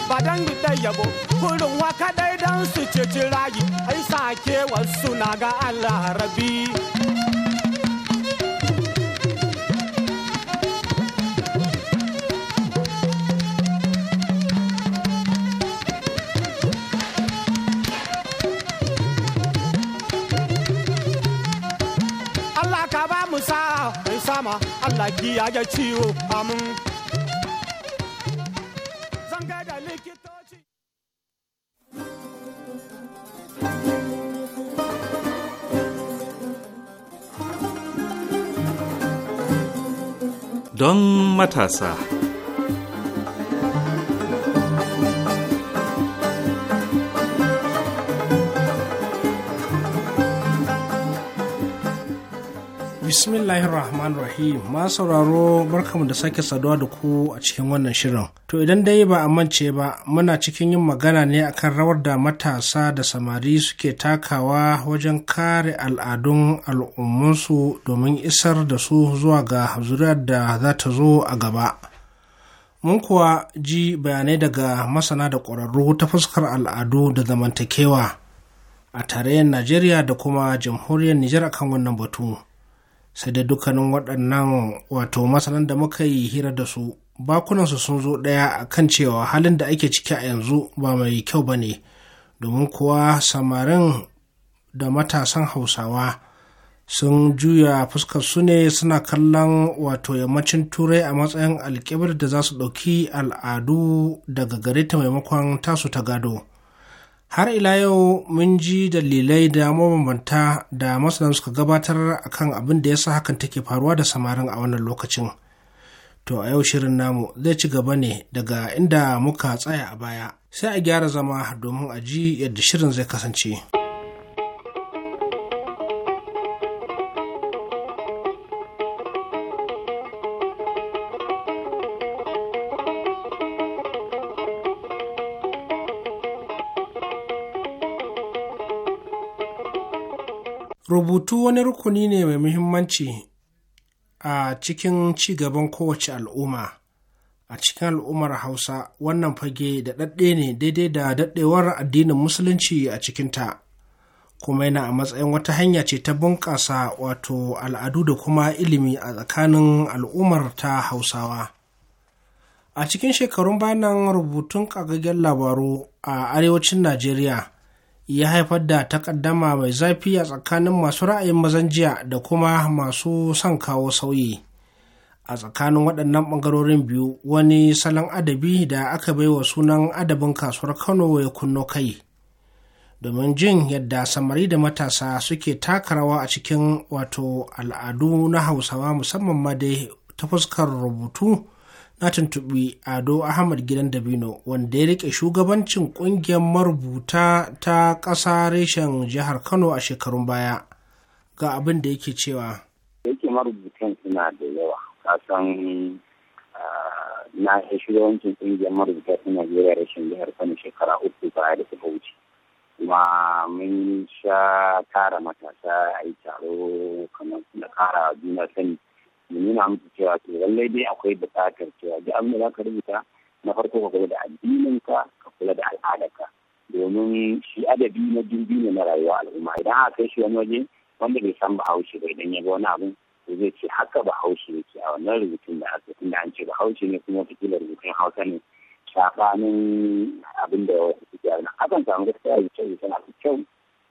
Badan dan da yabo kurin waka dai dan su ce rayi ai sake wasu na ga Allah rabi Allah ka ba mu sa mai sama Allah ki ya ciwo amin don matasa. Bismillahirrahmanirrahim ma sauraro barkamu da sake saduwa da ku a cikin wannan shirin. To idan dai ba a mance ba muna cikin yin magana ne akan rawar da matasa da samari suke takawa wajen kare al'adun al'ummunsu domin isar da su zuwa ga zuriyar da za ta zo a gaba. Mun kuwa ji bayanai daga masana da ƙwararru ta fuskar al'adu da zamantakewa a tarayyar Najeriya da kuma jamhuriyar Nijar akan wannan batu. sai da dukkanin waɗannan wato masanan da muka yi hira da su bakunansu sun zo ɗaya a kan cewa halin da ake ciki a yanzu ba mai kyau ba ne domin kuwa samarin da matasan hausawa sun juya fuskar su ne suna kallon wato yammacin turai a matsayin alkibir da za su ɗauki al'adu daga gare ta maimakon tasu ta gado har ila yau mun ji dalilai da mabambanta da masana suka gabatar akan abin da ya sa hakan take faruwa da samarin a wannan lokacin to a yau shirin namu zai ci gaba ne daga inda muka tsaya a baya sai a gyara zama domin a ji yadda shirin zai kasance. rubutu wani rukuni ne mai muhimmanci a cikin ci gaban kowace al'umma a cikin al'ummar hausa wannan fage da ɗaɗɗe ne daidai da daɗewar addinin musulunci a cikinta kuma yana a matsayin wata hanya ce ta bunƙasa wato al'adu da kuma ilimi a tsakanin al'ummar ta hausawa a cikin shekarun bayanan rubutun ƙagaggen labaru a arewacin najeriya ya haifar da takaddama mai zafi a tsakanin masu ra'ayin mazan jiya da kuma masu son kawo sauyi a tsakanin waɗannan ɓangarorin biyu wani salon adabi da aka bai wa sunan adabin kasuwar kano ya kunno kai domin jin yadda samari da matasa suke taka rawa a cikin wato al'adu na hausawa musamman ma dai ta fuskar rubutu na tuntuɓi ado ahmad gidan dabino wanda ya rike shugabancin ƙungiyar marubuta ta ƙasa reshen jihar kano a shekarun baya ga abin da yake cewa yake marubutan suna da yawa kasan na yi shugabancin ƙungiyar marubuta ta najeriya rashin jihar kano shekara uku baya da suka wuce kuma mun sha tara matasa a yi taro kamar da kara juna sani mu nuna musu cewa to lallai dai akwai buƙatar cewa duk abin da za ka rubuta na farko ka kula da addininka ka kula da al'adarka domin shi adabi na dubi ne na rayuwa al'umma idan aka kai shi wani waje wanda bai san bahaushe ba idan ya ga wani abin to zai ce haka bahaushe yake a wannan rubutun da aka tunda an ce bahaushe ne kuma wataƙila rubutun hausa ne saɓanin abin da wasu suke a akan samu gaskiya rubuce-rubuce na kyau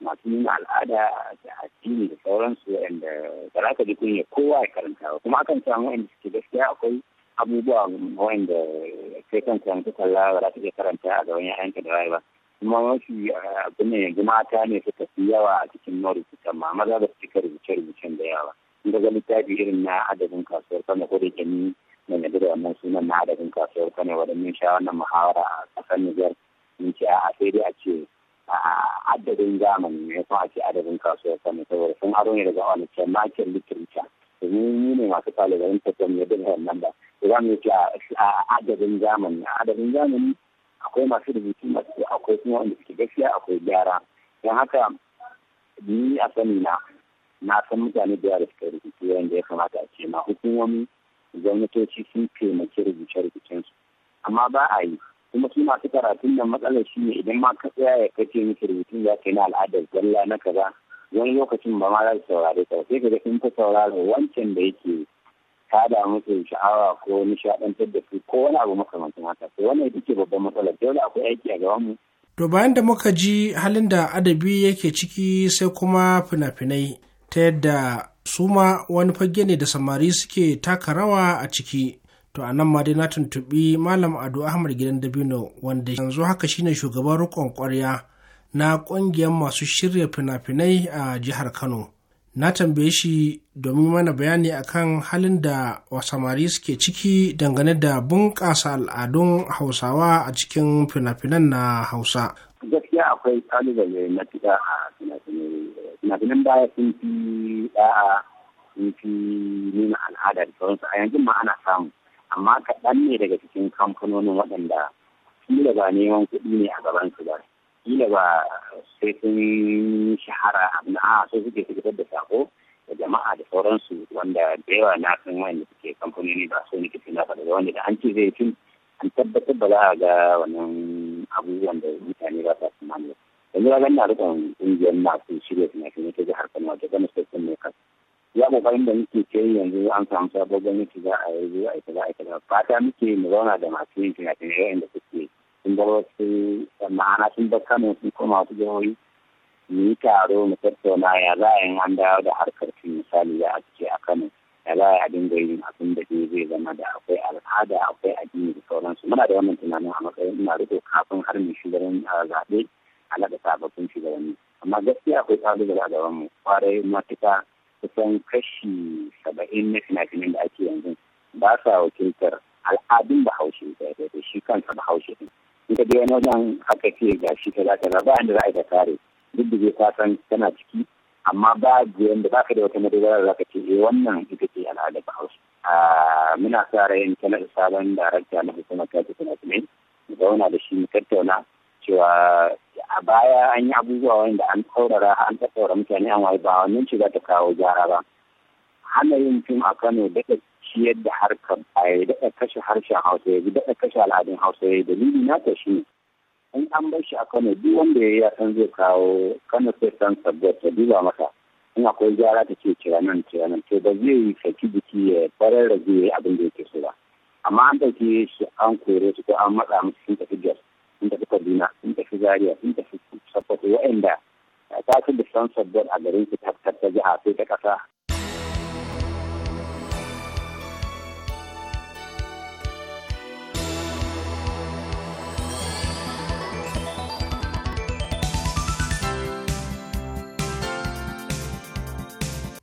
masu nuna al'ada da addini da sauransu wanda ba za ka ji kunya kowa ya karanta ba kuma akan samu wanda suke gaskiya akwai abubuwa wa'anda sai kan karanta kalla ba za ka iya karanta a gaban ya'yanka da rayuwa kuma mafi eh, abin ne yanzu mata ne suka fi yawa a cikin marubutan ma maza ba su cika rubuce-rubucen da yawa in ga littafi irin na adadin kasuwar kano ko da ke ni na da wannan sunan na adadin kasuwar kano wadannan sha wannan muhawara a ƙasar Nijar mun ce a sai dai a ce adadin zamani ya kuma ake adadin kasuwar sani saboda sun aro ne daga wani can makin literature domin ni ne masu ɗalibai ta kan yadda da wannan ba za mu yi a adadin zamani adadin zamani akwai masu rubutu masu akwai kuma wanda suke gaskiya akwai gyara don haka ni a sani na na san mutane da yawa suka rubutu wanda ya kamata a ce ma hukumomi gwamnatoci sun taimaki rubuce-rubucensu amma ba a yi kuma su masu karatun da matsalar shi ne idan ma ka tsaya ya kace miki rubutun za ka yi na al'adar zalla na kaza wani lokacin ba ma za su saurare ka sai ka ga sun fi sauraro wancan da yake tada musu sha'awa ko nishaɗantar da su ko wani abu makamancin haka sai wannan ita ce babban matsalar dole akwai aiki a gaban mu. To bayan da muka ji halin da adabi yake ciki sai kuma fina-finai ta yadda su ma wani fage ne da samari suke taka rawa a ciki to a nan ma dai na tuntuɓi malam ado ahmad gidan dabino wanda yanzu haka shine shugaban rikon kwarya na ƙungiyar masu shirya fina-finai a jihar kano na tambaye shi domin mana bayani akan halin da wasamari suke ciki dangane da bunƙasa al'adun hausawa a cikin fina-finan na hausa gaskiya akwai kalubale na fita a fina-finan baya sun fi da'a sun fi nuna al'ada da sauransu a yanzu ma ana samu amma kaɗan ne daga cikin kamfanonin waɗanda kila ba neman kuɗi ne a gaban su ba kila ba sai sun shahara na a so suke fitar da sako da jama'a da sauransu wanda da yawa na san wanda suke kamfanoni ba so nake tuna ba daga wanda da an ce zai fi an tabbatar ba za a ga wannan abubuwan da mutane ba sa tsammani yanzu ga na rikon ƙungiyar masu shirya fina-finai ta jihar Kano wajen gana sosai mai kasu ya kokarin da muke ke yanzu an samu sabon gwamnati za a yi zuwa ita za a ita fata muke mu zauna da masu yin fina yayin da suke sun bar wasu ma'ana sun bar kano sun koma wasu jihohi mu yi taro mu tattauna ya za a yi an dawo da harkar fim misali ya a ce a kano ya za a yi a dinga yin abin da ke zai zama da akwai al'ada akwai addini da sauransu muna da wannan tunanin a matsayin ina rufe kafin har mu shugaban zaɓe a naɗa sababbin shugabanni amma gaskiya akwai ƙalubale a gaban mu kwarai matuƙa kusan kashi saba'in na fina fina-finan da ake yanzu ba sa wakiltar al'adun bahaushe da shi kansa bahaushe din in ka je wani wajen haka ce ga shi ta za ta ba inda za a yi kare duk da zai kasan tana ciki amma ba da ba ka da wata madogara za ka ce eh wannan ita ce al'adar bahaushe muna sa rayan tana sabon darakta na hukumar kafin finafinai zauna da shi mu tattauna cewa a baya an yi abubuwa wanda an tsaurara an tsaurara mutane an wai ba wannan ci za ta kawo gyara ba hana yin fim a kano daɗa ciyar da harkar baya daɗa kashe harshen hausa ya daɗa kashe al'adun hausa ya dalili na ta shi in an bar shi a kano duk wanda ya yi san zai kawo kano sai san sabbat ta duba masa in akwai gyara ta ce cira nan cira nan to ba zai yi saki biki ya farar da zai yi abin da ke so ba amma an ɗauke shi an kore su ko an matsa musu sun tafi Zaria sun tafi saboda waɗanda eh, ta fi da san sabbin a garin su ta ta jiha sai ta ƙasa.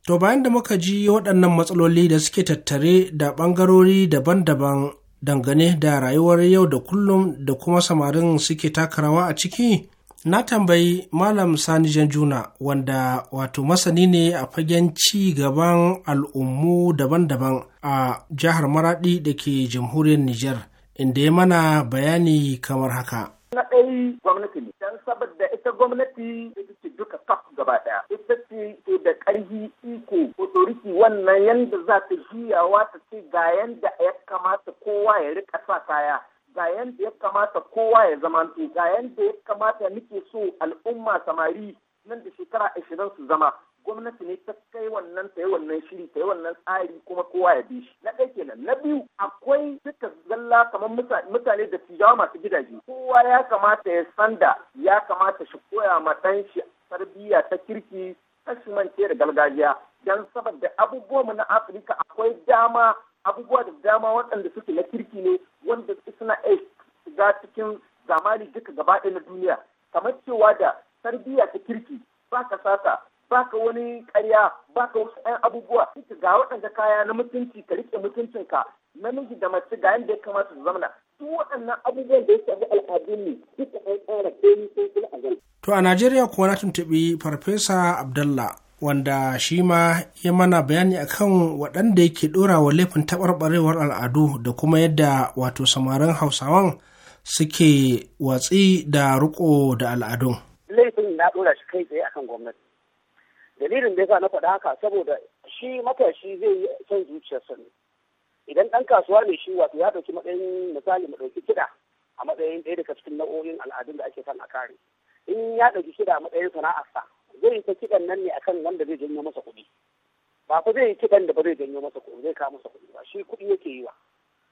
To bayan da muka ji waɗannan matsaloli da suke tattare da ɓangarori daban-daban dangane da rayuwar yau da kullum da kuma samarin suke taka rawa a ciki na tambayi malam sani janjuna wanda wato masani ne a fagen ci gaban al'ummu daban-daban a jihar maradi da ke jamhuriyar niger inda ya mana bayani kamar haka na ɗai gwamnati ne don saboda ita gwamnati ita ce duka kaf gaba ɗaya ita ce da ƙarfi iko authority wannan yanda za ta juyawa ta ce ga yanda ya kamata kowa ya rika sa kaya ga yanda ya kamata kowa ya to ga yanda ya kamata nake so al'umma samari nan da shekara ashirin su zama gwamnati ne ta kai wannan ta yi wannan shiri ta yi wannan tsari kuma kowa ya bi shi na ɗaya kenan na biyu akwai duka zalla kamar mutane da jawo masu gidaje kowa ya kamata ya sanda ya kamata shi koya ma ɗan shi tarbiyya ta kirki ta shi mance da gargajiya don saboda abubuwanmu na afirka akwai dama abubuwa da dama waɗanda suke na kirki ne wanda suna iya shiga cikin zamani duka gaba ɗaya na duniya kamar cewa da tarbiyya ta kirki ba ka sata ba ka wani karya ba ka wasu ɗan abubuwa ga waɗanda kaya na mutunci ka riƙe mutuncinka namiji da mace ga yadda ya kamata su zamana duk waɗannan abubuwan da ya shafi al'adun ne duka an ɗaya ne sai kula a To a Najeriya kuwa na tuntuɓi Farfesa Abdallah wanda shi ma ya mana bayani a kan waɗanda yake ɗora wa laifin taɓarɓarewar al'adu da kuma yadda wato samarin hausawan suke watsi da riƙo da al'adun. Laifin na ɗora shi kai tsaye akan gwamnati. Dalilin da sa na faɗa haka saboda shi matashi zai yi son zuciyarsa ne. Idan ɗan kasuwa ne shi wato ya ɗauki matsayin misali mu ɗauki kiɗa a matsayin ɗaya daga cikin nau'o'in al'adun da ake son a kare. In ya ɗauki kiɗa a matsayin sana'arsa zai yi ta kiɗan nan ne akan wanda zai janyo masa kuɗi ba ku zai yi kiɗan da ba zai janyo masa kuɗi zai kawo masa kuɗi ba shi kuɗi yake yi wa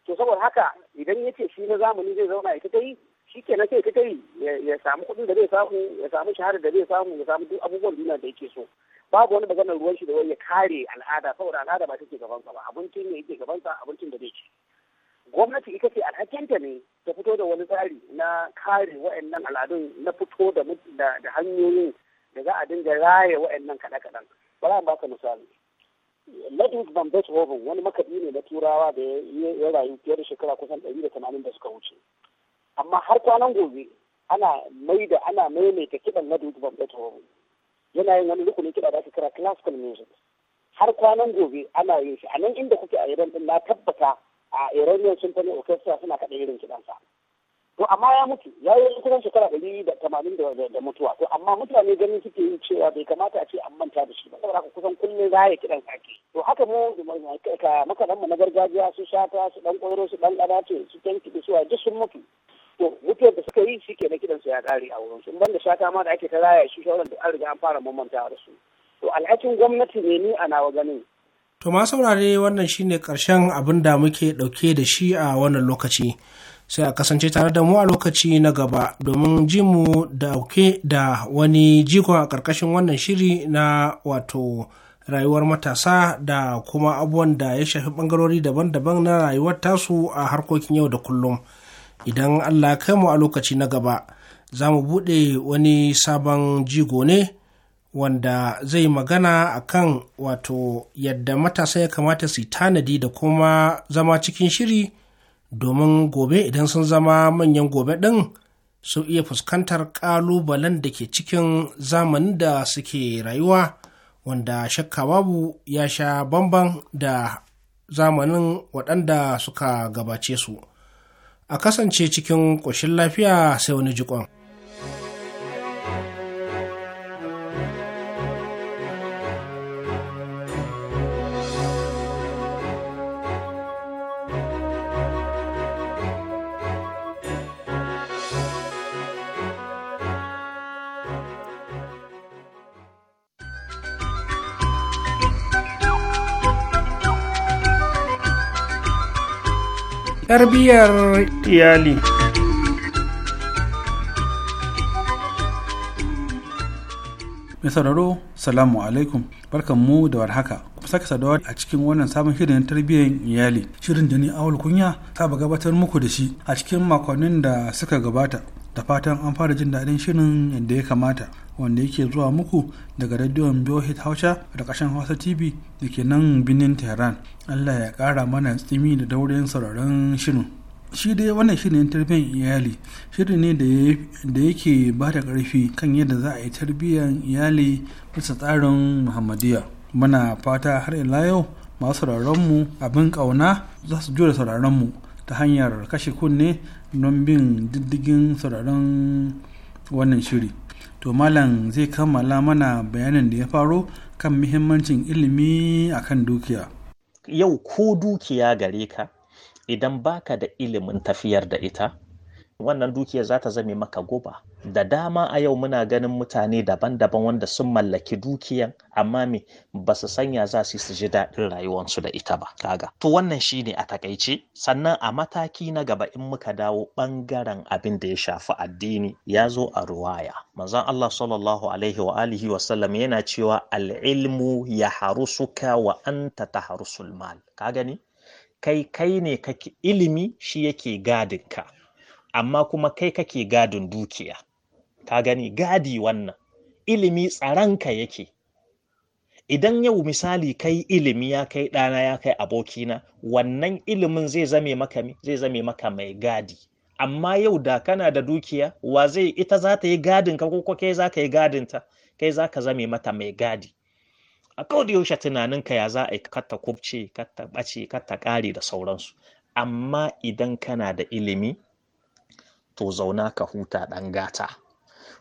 to saboda haka idan yace shi na zamani zai zauna ya ta yi shi ke na sai ta yi ya samu kuɗin da zai samu ya samu shahara da zai samu ya samu duk abubuwan duniya da yake so babu wani maganar ruwan shi da wani ya kare al'ada saboda al'ada ba ke gabansa ba abincin ne yake gabansa abincin da zai ci gwamnati ita ce alhakinta ne ta fito da wani tsari na kare wa'annan al'adun na fito da hanyoyin da za a dinga raya wa'annan kaɗe-kaɗen ba za baka misali ludwig van beethoven wani makaɗi ne na turawa da ya rayu fiye da shekara kusan ɗari da tamanin da suka wuce amma har kwanan gobe ana mai da ana maimaita kiɗan ludwig van beethoven yana yin wani rukunin kiɗa da ake kira classical music har kwanan gobe ana yin shi a nan inda kuke a iran ɗin na tabbata a iranian symphony orchestra suna kaɗa irin kiɗansa to amma ya mutu ya yi kusan shekara ɗari da tamanin da mutuwa to amma mutane ganin suke yi cewa bai kamata a ce an manta da shi ba saboda haka kusan kullum za ya kiɗan sake to haka mu makaran mu na gargajiya su shata su ɗan ƙwairo su ɗan ce su tanki da suwa duk sun mutu to mutuwar da suka yi shi ke na su ya ƙare a wurin sun banda shata ma da ake ta raya shi shauran da an riga an fara mamantawa da su to alhakin gwamnati ne ni a nawa ganin To ma saurare wannan shine ƙarshen abin da muke ɗauke da shi a wannan lokaci. sai a kasance tare da mu a lokaci na gaba domin ji mu dauke da wani jikon a ƙarƙashin wannan shiri na wato rayuwar matasa da kuma abubuwan da ya shafi ɓangarori daban-daban na rayuwar tasu a harkokin yau da kullum idan allah kai mu a lokaci na gaba za mu buɗe wani sabon jigo ne wanda zai magana a kan wato yadda matasa ya kamata su tanadi da kuma zama cikin shiri domin gobe idan sun zama manyan gobe ɗin su iya fuskantar ƙalubalen da ke cikin zamanin da suke rayuwa wanda shakka babu ya sha bamban da zamanin waɗanda suka gabace su a kasance cikin ƙoshin lafiya sai wani jikon. tarbiyyar iyali mai sauraro salamu alaikum barkan mu da warhaka ku saka sadawa a cikin wannan sabon shirin tarbiyyar iyali shirin da ni awal kunya saba gabatar muku da shi a cikin makonnin da suka gabata da fatan an fara jin daɗin shirin yadda ya kamata wanda yake zuwa muku daga rediyon BOHIT Hausa da ƙashin Hausa TV da ke nan birnin Tehran. Allah ya ƙara mana tsimi da daurin sauraron shirin. Shi dai wannan shirin tarbiyyar iyali shirin ne da yake ba da ƙarfi kan yadda za a yi tarbiyyar iyali bisa tsarin Muhammadiyya. Muna fata har ila yau masu mu abin ƙauna za su jure mu ta hanyar kashe kunne don bin diddigin sauraron wannan shiri to malam zai kammala mana bayanin da ya faro kan muhimmancin ilimi a kan dukiya yau ko dukiya gare ka idan baka da ilimin tafiyar da ita wannan dukiyar za ta zame maka guba da dama a yau muna ganin mutane daban-daban wanda sun mallaki dukiyan amma me ba su sanya za su su ji daɗin rayuwarsu da ita ba kaga to wannan shine a takaice sannan a mataki na gaba in muka dawo ɓangaren abin da ya shafi addini ya zo a ruwaya manzon Allah sallallahu alaihi wa alihi wa sallam yana cewa al-ilmu ya harusuka wa anta taharusul mal ka gani kai kai ne kake ilimi shi yake gadinka amma kuma kai kake gadin dukiya ka gani gadi wannan ilimi tsaranka yake idan yau misali kai ilimi ya kai ɗana ya kai abokina wannan ilimin zai zame maka zai zame maka mai gadi amma yau da kana da dukiya wa zai ita za ta yi gadin ka ko kai za ka yi gadinta? kai za ka zame mata mai gadi a kawai yaushe tunaninka ya za a yi katta kubce katta ɓace katta ƙare da sauransu amma idan kana da ilimi to zauna ka huta ɗan gata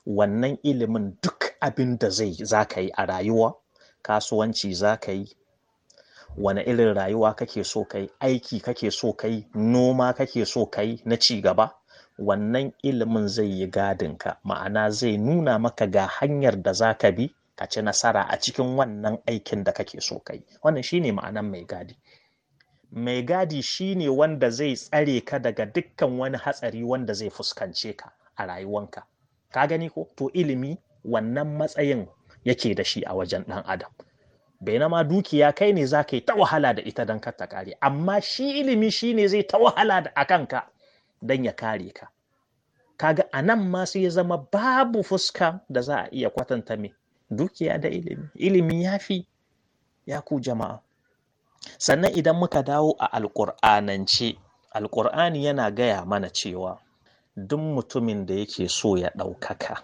wannan ilimin duk abin da zai za ka yi a rayuwa kasuwanci za ka yi wani irin rayuwa kake so ka yi aiki kake so ka yi noma kake so ka yi na ci gaba wannan ilimin zai yi gadin ka ma'ana zai nuna maka ga hanyar da za ka bi ka ci nasara a cikin wannan aikin da kake so ka yi wannan ne ma'anan mai gadi mai gadi shi ne wanda zai tsare ka daga dukkan wani hatsari wanda zai fuskance ka a rayuwanka ka gani ko to ilimi wannan matsayin yake da shi a wajen ɗan adam ma dukiya kai ne za ka yi ta wahala da ita don ta kare amma shi ilimi shi ne zai ta wahala da akan ka don ya kare ka kaga a nan ma sai ya zama babu fuska da za a iya kwatanta mai dukiya da ilimi ilimi ya fi ya ku jama'a sannan idan muka dawo a alƙur'anance alƙur'ani yana gaya mana cewa duk mutumin da yake so ya ɗaukaka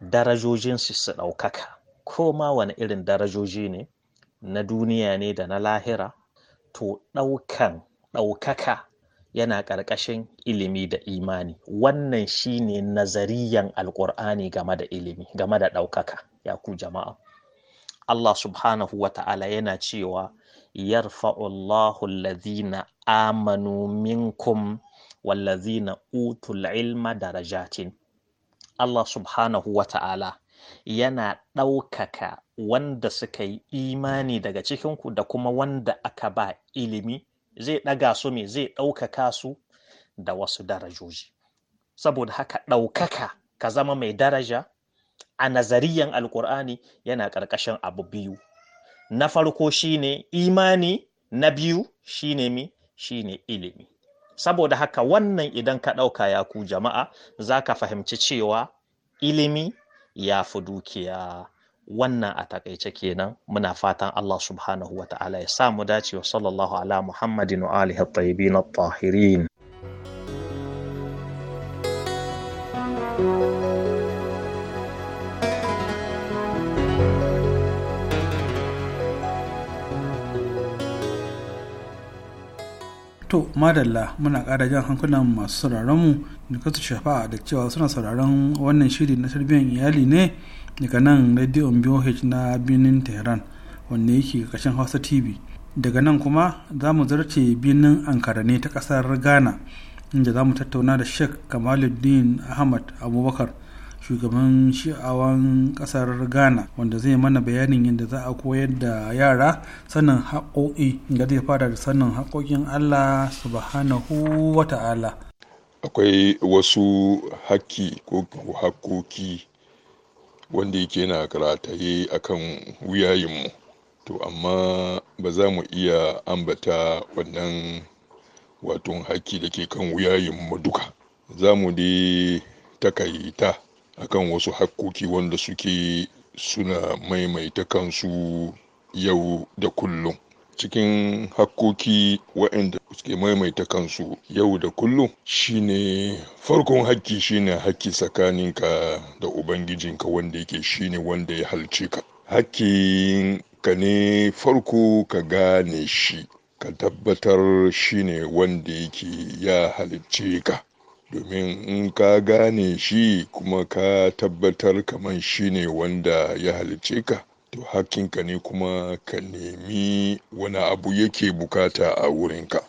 darajojinsu su ɗaukaka ko ma wani irin darajoji ne na duniya ne da na lahira to ɗaukan ɗaukaka yana ƙarƙashin ilimi da imani wannan shine nazariyan alƙur'ani game da ilimi game da ɗaukaka ya ku jama'a Allah subhanahu wa ta'ala yana cewa yarfa'u Allahu allazina amanu minkum wallazina utul ilma darajatin Allah subhanahu wa yana ɗaukaka wanda suka yi imani daga cikinku da kuma wanda aka ba ilimi zai ɗaga su me zai ɗaukaka su da wasu darajoji saboda haka ɗaukaka ka zama mai daraja a nazariyan alkur'ani yana ƙarƙashin abu biyu na farko shine imani na biyu shine mi shine ilimi saboda haka wannan idan ka ɗauka ya ku jama'a za ka fahimci cewa ilimi ya fi dukiya wannan a takaice kenan muna fatan Allah subhanahu wa ta'ala ya samu dacewa sallallahu ala muhammadin wa alihi at tahirin thank you to madalla muna kara jan hankulan masu sauraronmu da kasu shafa da cewa suna sauraron wannan shiri na tarbiyyar iyali ne daga nan radio boh na birnin tehran wanda yake ƙarshen hausa tv daga nan kuma za mu zarce birnin ankara ne ta ƙasar ghana inda za mu tattauna da sheikh kamaluddin ahmad abubakar shugaban shi'awan kasar ghana wanda zai mana bayanin yadda za a koyar da yara sanin haƙoƙi da zai fara da sanin haƙoƙin allah subhanahu wa ta'ala akwai wasu haƙƙi ko haƙoƙi wanda yake na karataye a kan wuyayenmu to amma ba za mu iya ambata wannan wato haƙƙi da ke kan wuyayenmu duka za mu dai takaita akan wasu hakkoki wanda suke suna maimaita kansu yau da kullum cikin hakkoki waɗanda suke maimaita kansu yau da kullum shine farkon hakki shine hakki tsakaninka da ubangijinka wanda yake shine wanda ya halce ka hakki ka ne farko ka gane shi ka tabbatar shine wanda yake ya halicce ka domin in ka gane shi kuma ka tabbatar kaman shi ne wanda ya halice ka to hakinka ne kuma ka nemi wani abu yake bukata a wurinka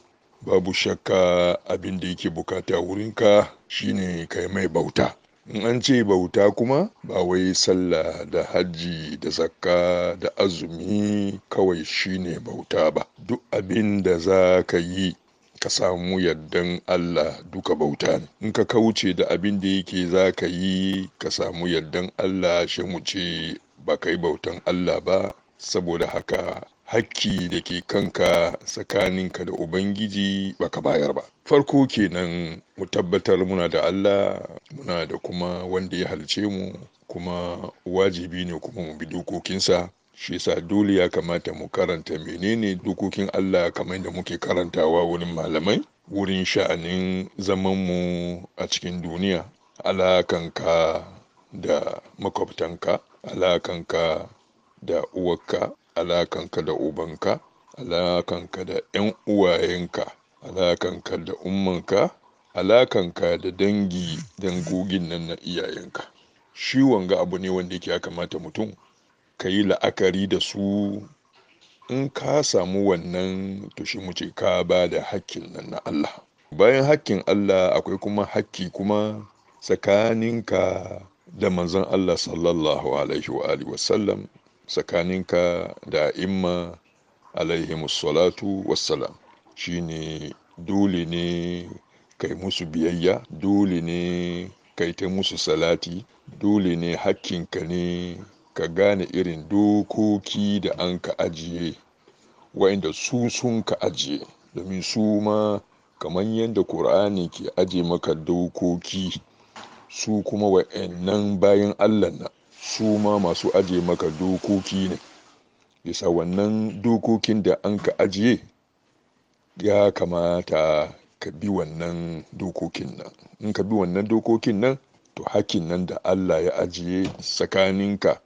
babu shakka abin da yake bukata wurinka shine kai mai bauta in an ce bauta kuma ba wai sallah da hajji da zakka da azumi kawai shi ne bauta ba duk abin da za ka yi ka samu yardan Allah duka bauta ne in ka kauce da abin da yake za ka yi ka samu yardan Allah shi mu ce ba ka yi bautan Allah ba saboda haka hakki da ke kanka tsakaninka da ubangiji ba ka bayar ba farko kenan mu tabbatar muna da Allah muna da kuma wanda ya halce mu kuma wajibi ne kuma mu bi dokokinsa shi yasa dole ya kamata mu karanta menene dokokin Allah kamar da muke karantawa wurin malamai wurin sha'anin zaman mu a cikin duniya alakanka da makwabtanka alakanka da uwarka alakanka da ubanka alakanka da 'yan uwayenka alakanka da ummanka alakanka da dangi dangogin nan na iyayenka shi wanga abu ne wanda yake ya kamata mutum ka yi la'akari da su in ka samu wannan to shi mu ce ka ba da hakkin nan na Allah bayan hakkin Allah akwai kuma hakki kuma tsakaninka da manzon Allah sallallahu alaihi wa alihi wasallam tsakaninka da imma alaihi musallatu wassalam shine dole ne kai musu biyayya dole ne kai ta musu salati dole ne hakkinka ne ka gane irin dokoki da an ka ajiye wa'inda su sun ka ajiye domin su ma kamar yadda ƙur'ani ke aje maka dokoki su kuma wa'annan bayan allah na su ma masu ajiye maka dokoki ne bisa wannan dokokin da an ka ajiye ya kamata ka bi wannan dokokin nan in ka bi wannan dokokin nan to hakkin nan da allah ya ajiye tsakaninka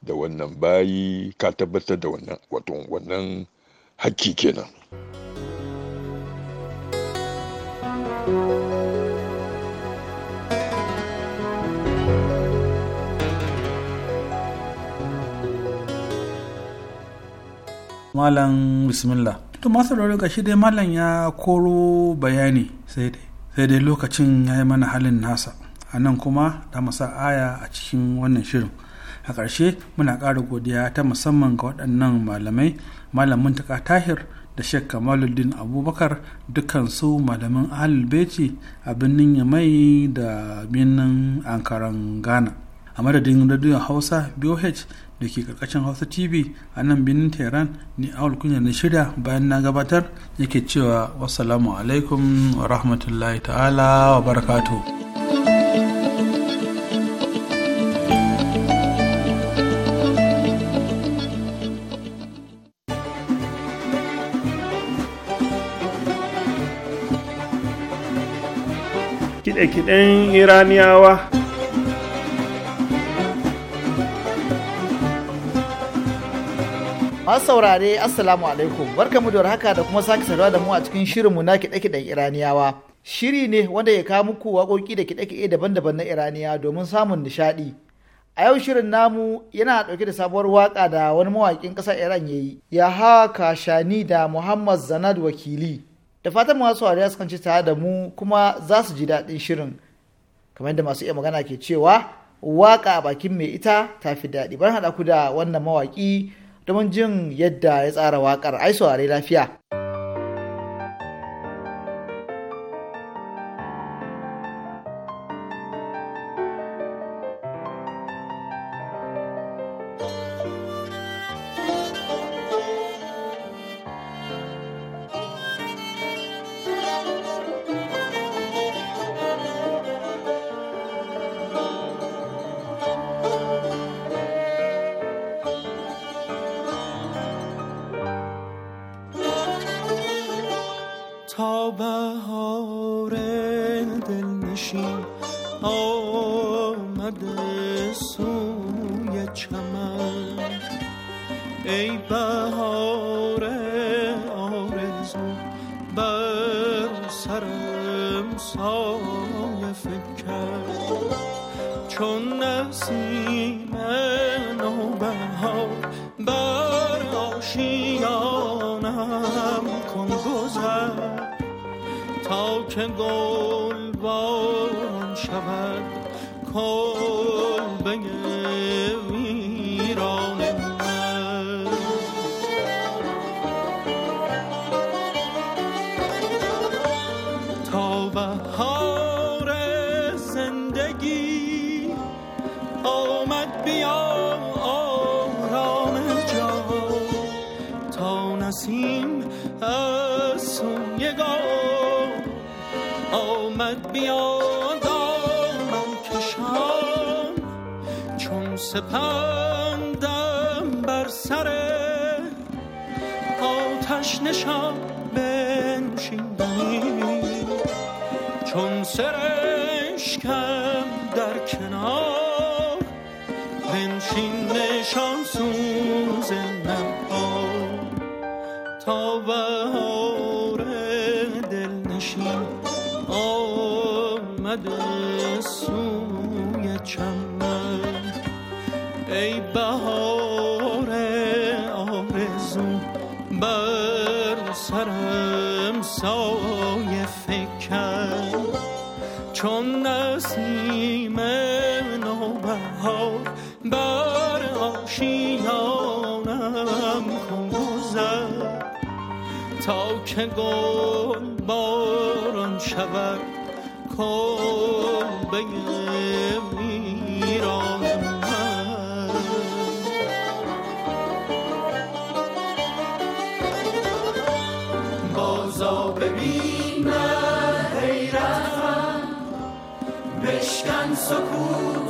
da wannan bayi ka tabbatar da wannan wato wannan hakki kenan malam bismillah to masu ga shi dai malam ya koro bayani sai dai sai dai lokacin ya yi mana halin nasa a nan kuma da masa aya a cikin wannan shirin a ƙarshe muna ƙara godiya ta musamman ga waɗannan malamai malamin muntaka tahir da sheikh kamaluddin abubakar dukansu malamin beci a birnin yamai da birnin ankaran ghana a madadin radiyon hausa boh da ke karkashin hausa tv a nan birnin tehran ne awul kunya na shida bayan na gabatar yake cewa wasu alaikum wa rahmatullahi ta'ala wa barakatuh kiɗe-kiɗen iraniyawa masu saurare assalamu alaikum barkamu da haka da kuma sake saduwa da mu a cikin shirinmu na kiɗe-kiɗen iraniyawa shiri ne wanda ya kawo muku waƙoƙi da kiɗe-kiɗe daban-daban na iraniya domin samun nishaɗi a yau shirin namu yana ɗauke da sabuwar waƙa da wani mawaƙin ƙasar iran ya yi Yahawa kashani da muhammad zanad wakili da fatan masu wariya su kanci tare da mu kuma za su ji daɗin shirin kamar yadda masu iya magana ke cewa waka a bakin mai ita ta fi daɗi bari haɗa ku da wannan mawaƙi domin jin yadda ya tsara wakar ai saurare lafiya. تا بهار دلنشین آمده سوی چمن ای بهار آرزو بر سرم سایه فکر چون نسل که گل باران شود کلبه میران من بازا ببین من حیرتم بشکن سکوت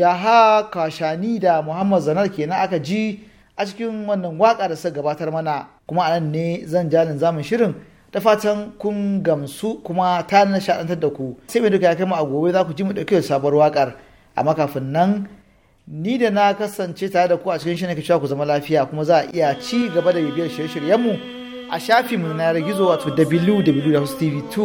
yaha kashani da muhammad zanar kenan aka ji a cikin wannan waka da suka gabatar mana kuma anan ne zan jalin zamun shirin da fatan kun gamsu kuma ta nishaɗantar da ku sai mai duka ya kai mu a gobe za ku ji mu dauke da sabuwar wakar amma kafin nan ni da na kasance tare da ku a cikin shirin ka ku zama lafiya kuma za a iya ci gaba da bibiyar shirye-shiryenmu a shafinmu na gizo wato www.tv2.ng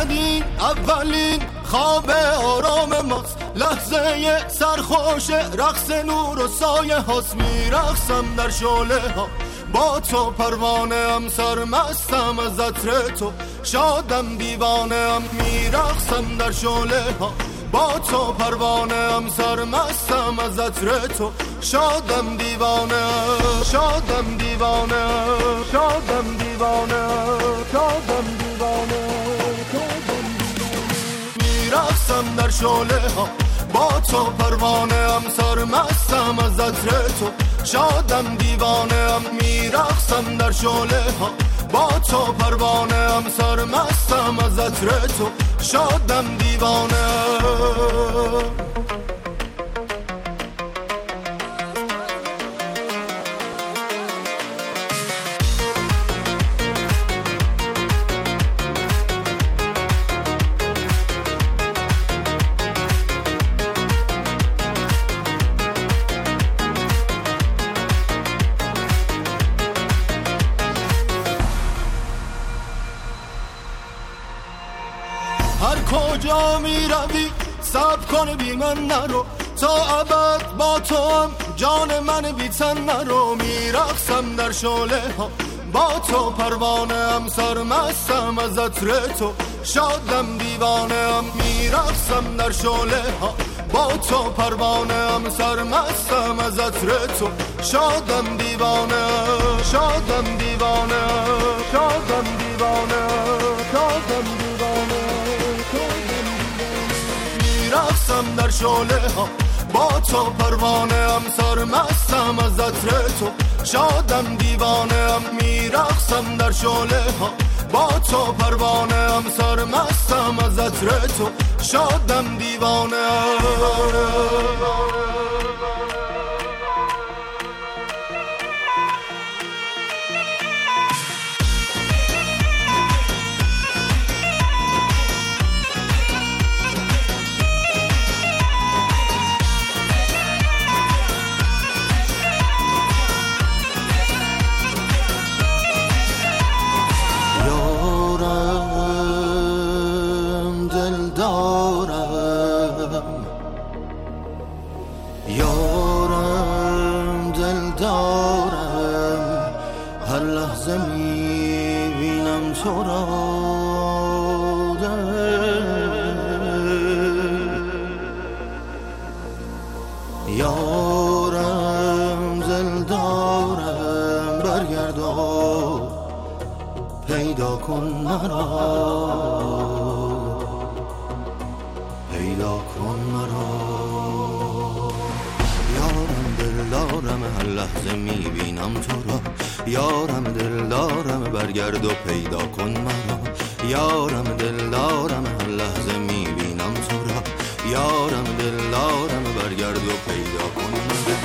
اولین اولین خواب آرام ماست لحظه سرخوش رقص نور و سایه هاست رقصم در شله ها با تو پروانه هم سرمستم از عطر تو شادم دیوانه هم میرقصم در شله ها با تو پروانه هم سرمستم از عطر تو شادم دیوانه شادم دیوانه شادم دیوانه شادم دیوانه در شعله ها با تو پروانه هم سرمستم از عطر تو شادم دیوانه هم میرخصم در شعله ها با تو پروانه هم سرمستم از عطر تو شادم دیوانه جان بی من نرو تا ابد با تو جان من بی تن نرو میرقصم در شله ها با تو پروانه هم سرمستم از عطر تو شادم دیوانه هم میرقصم در شله ها با تو پروانه هم سرمستم از عطر تو شادم دیوانه شادم دیوانه شادم دیوانه مستم در شعله ها با تو پروانه هم سرمستم از عطر تو شادم دیوانه هم میرقصم در شعله ها با تو پروانه هم سرمستم از عطر تو شادم دیوانه دارم هر لحظه بینم تو را یارم زل دارم برگرد پیدا کن مرا هر لحظه میبینم تو را یارم دلدارم برگرد و پیدا کن مرا یارم دلدارم هر لحظه میبینم تو را یارم دلدارم برگرد و پیدا کن مرا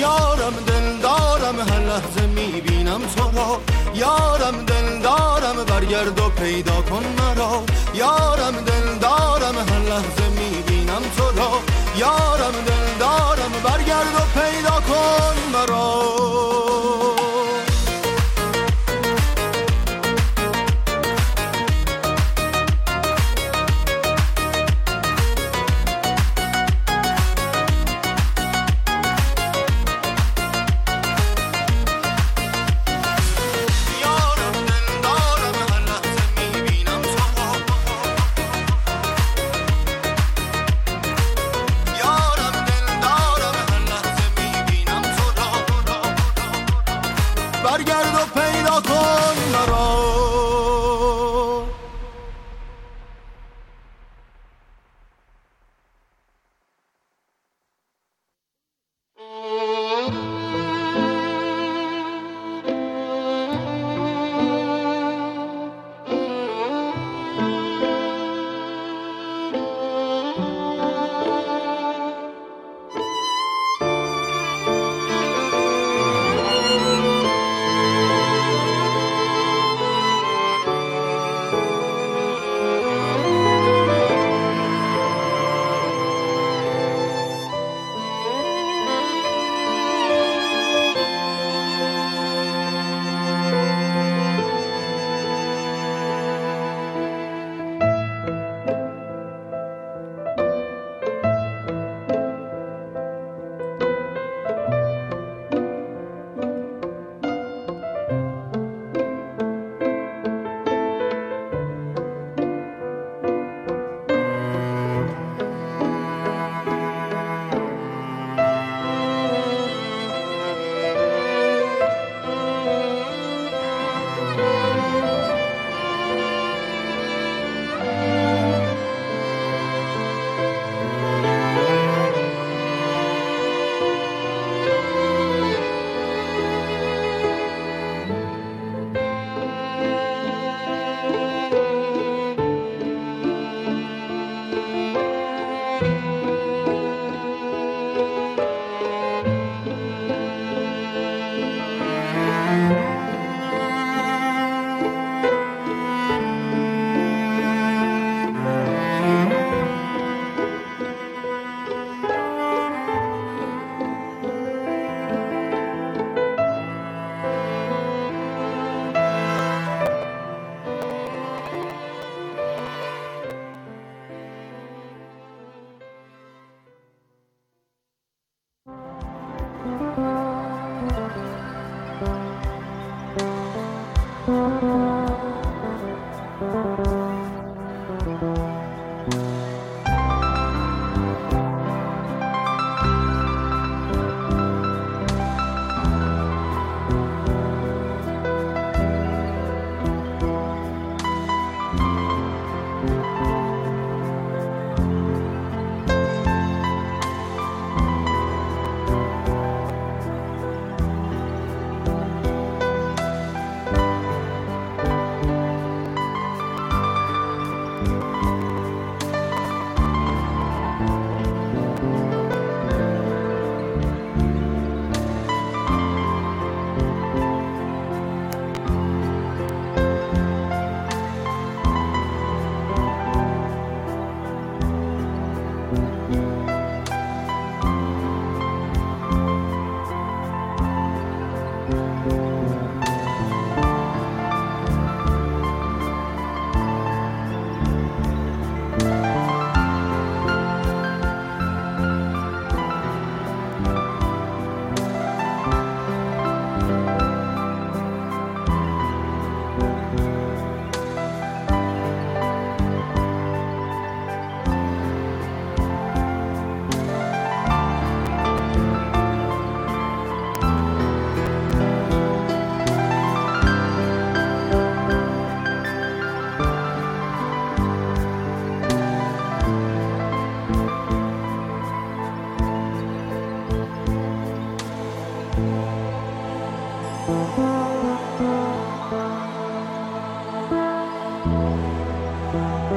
یارم دلدارم هر لحظه میبینم تو را یارم دلدارم برگرد و پیدا کن مرا یارم دلدارم هر لحظه میبینم تو را یارم دلدارم برگرد و پیدا کن مرا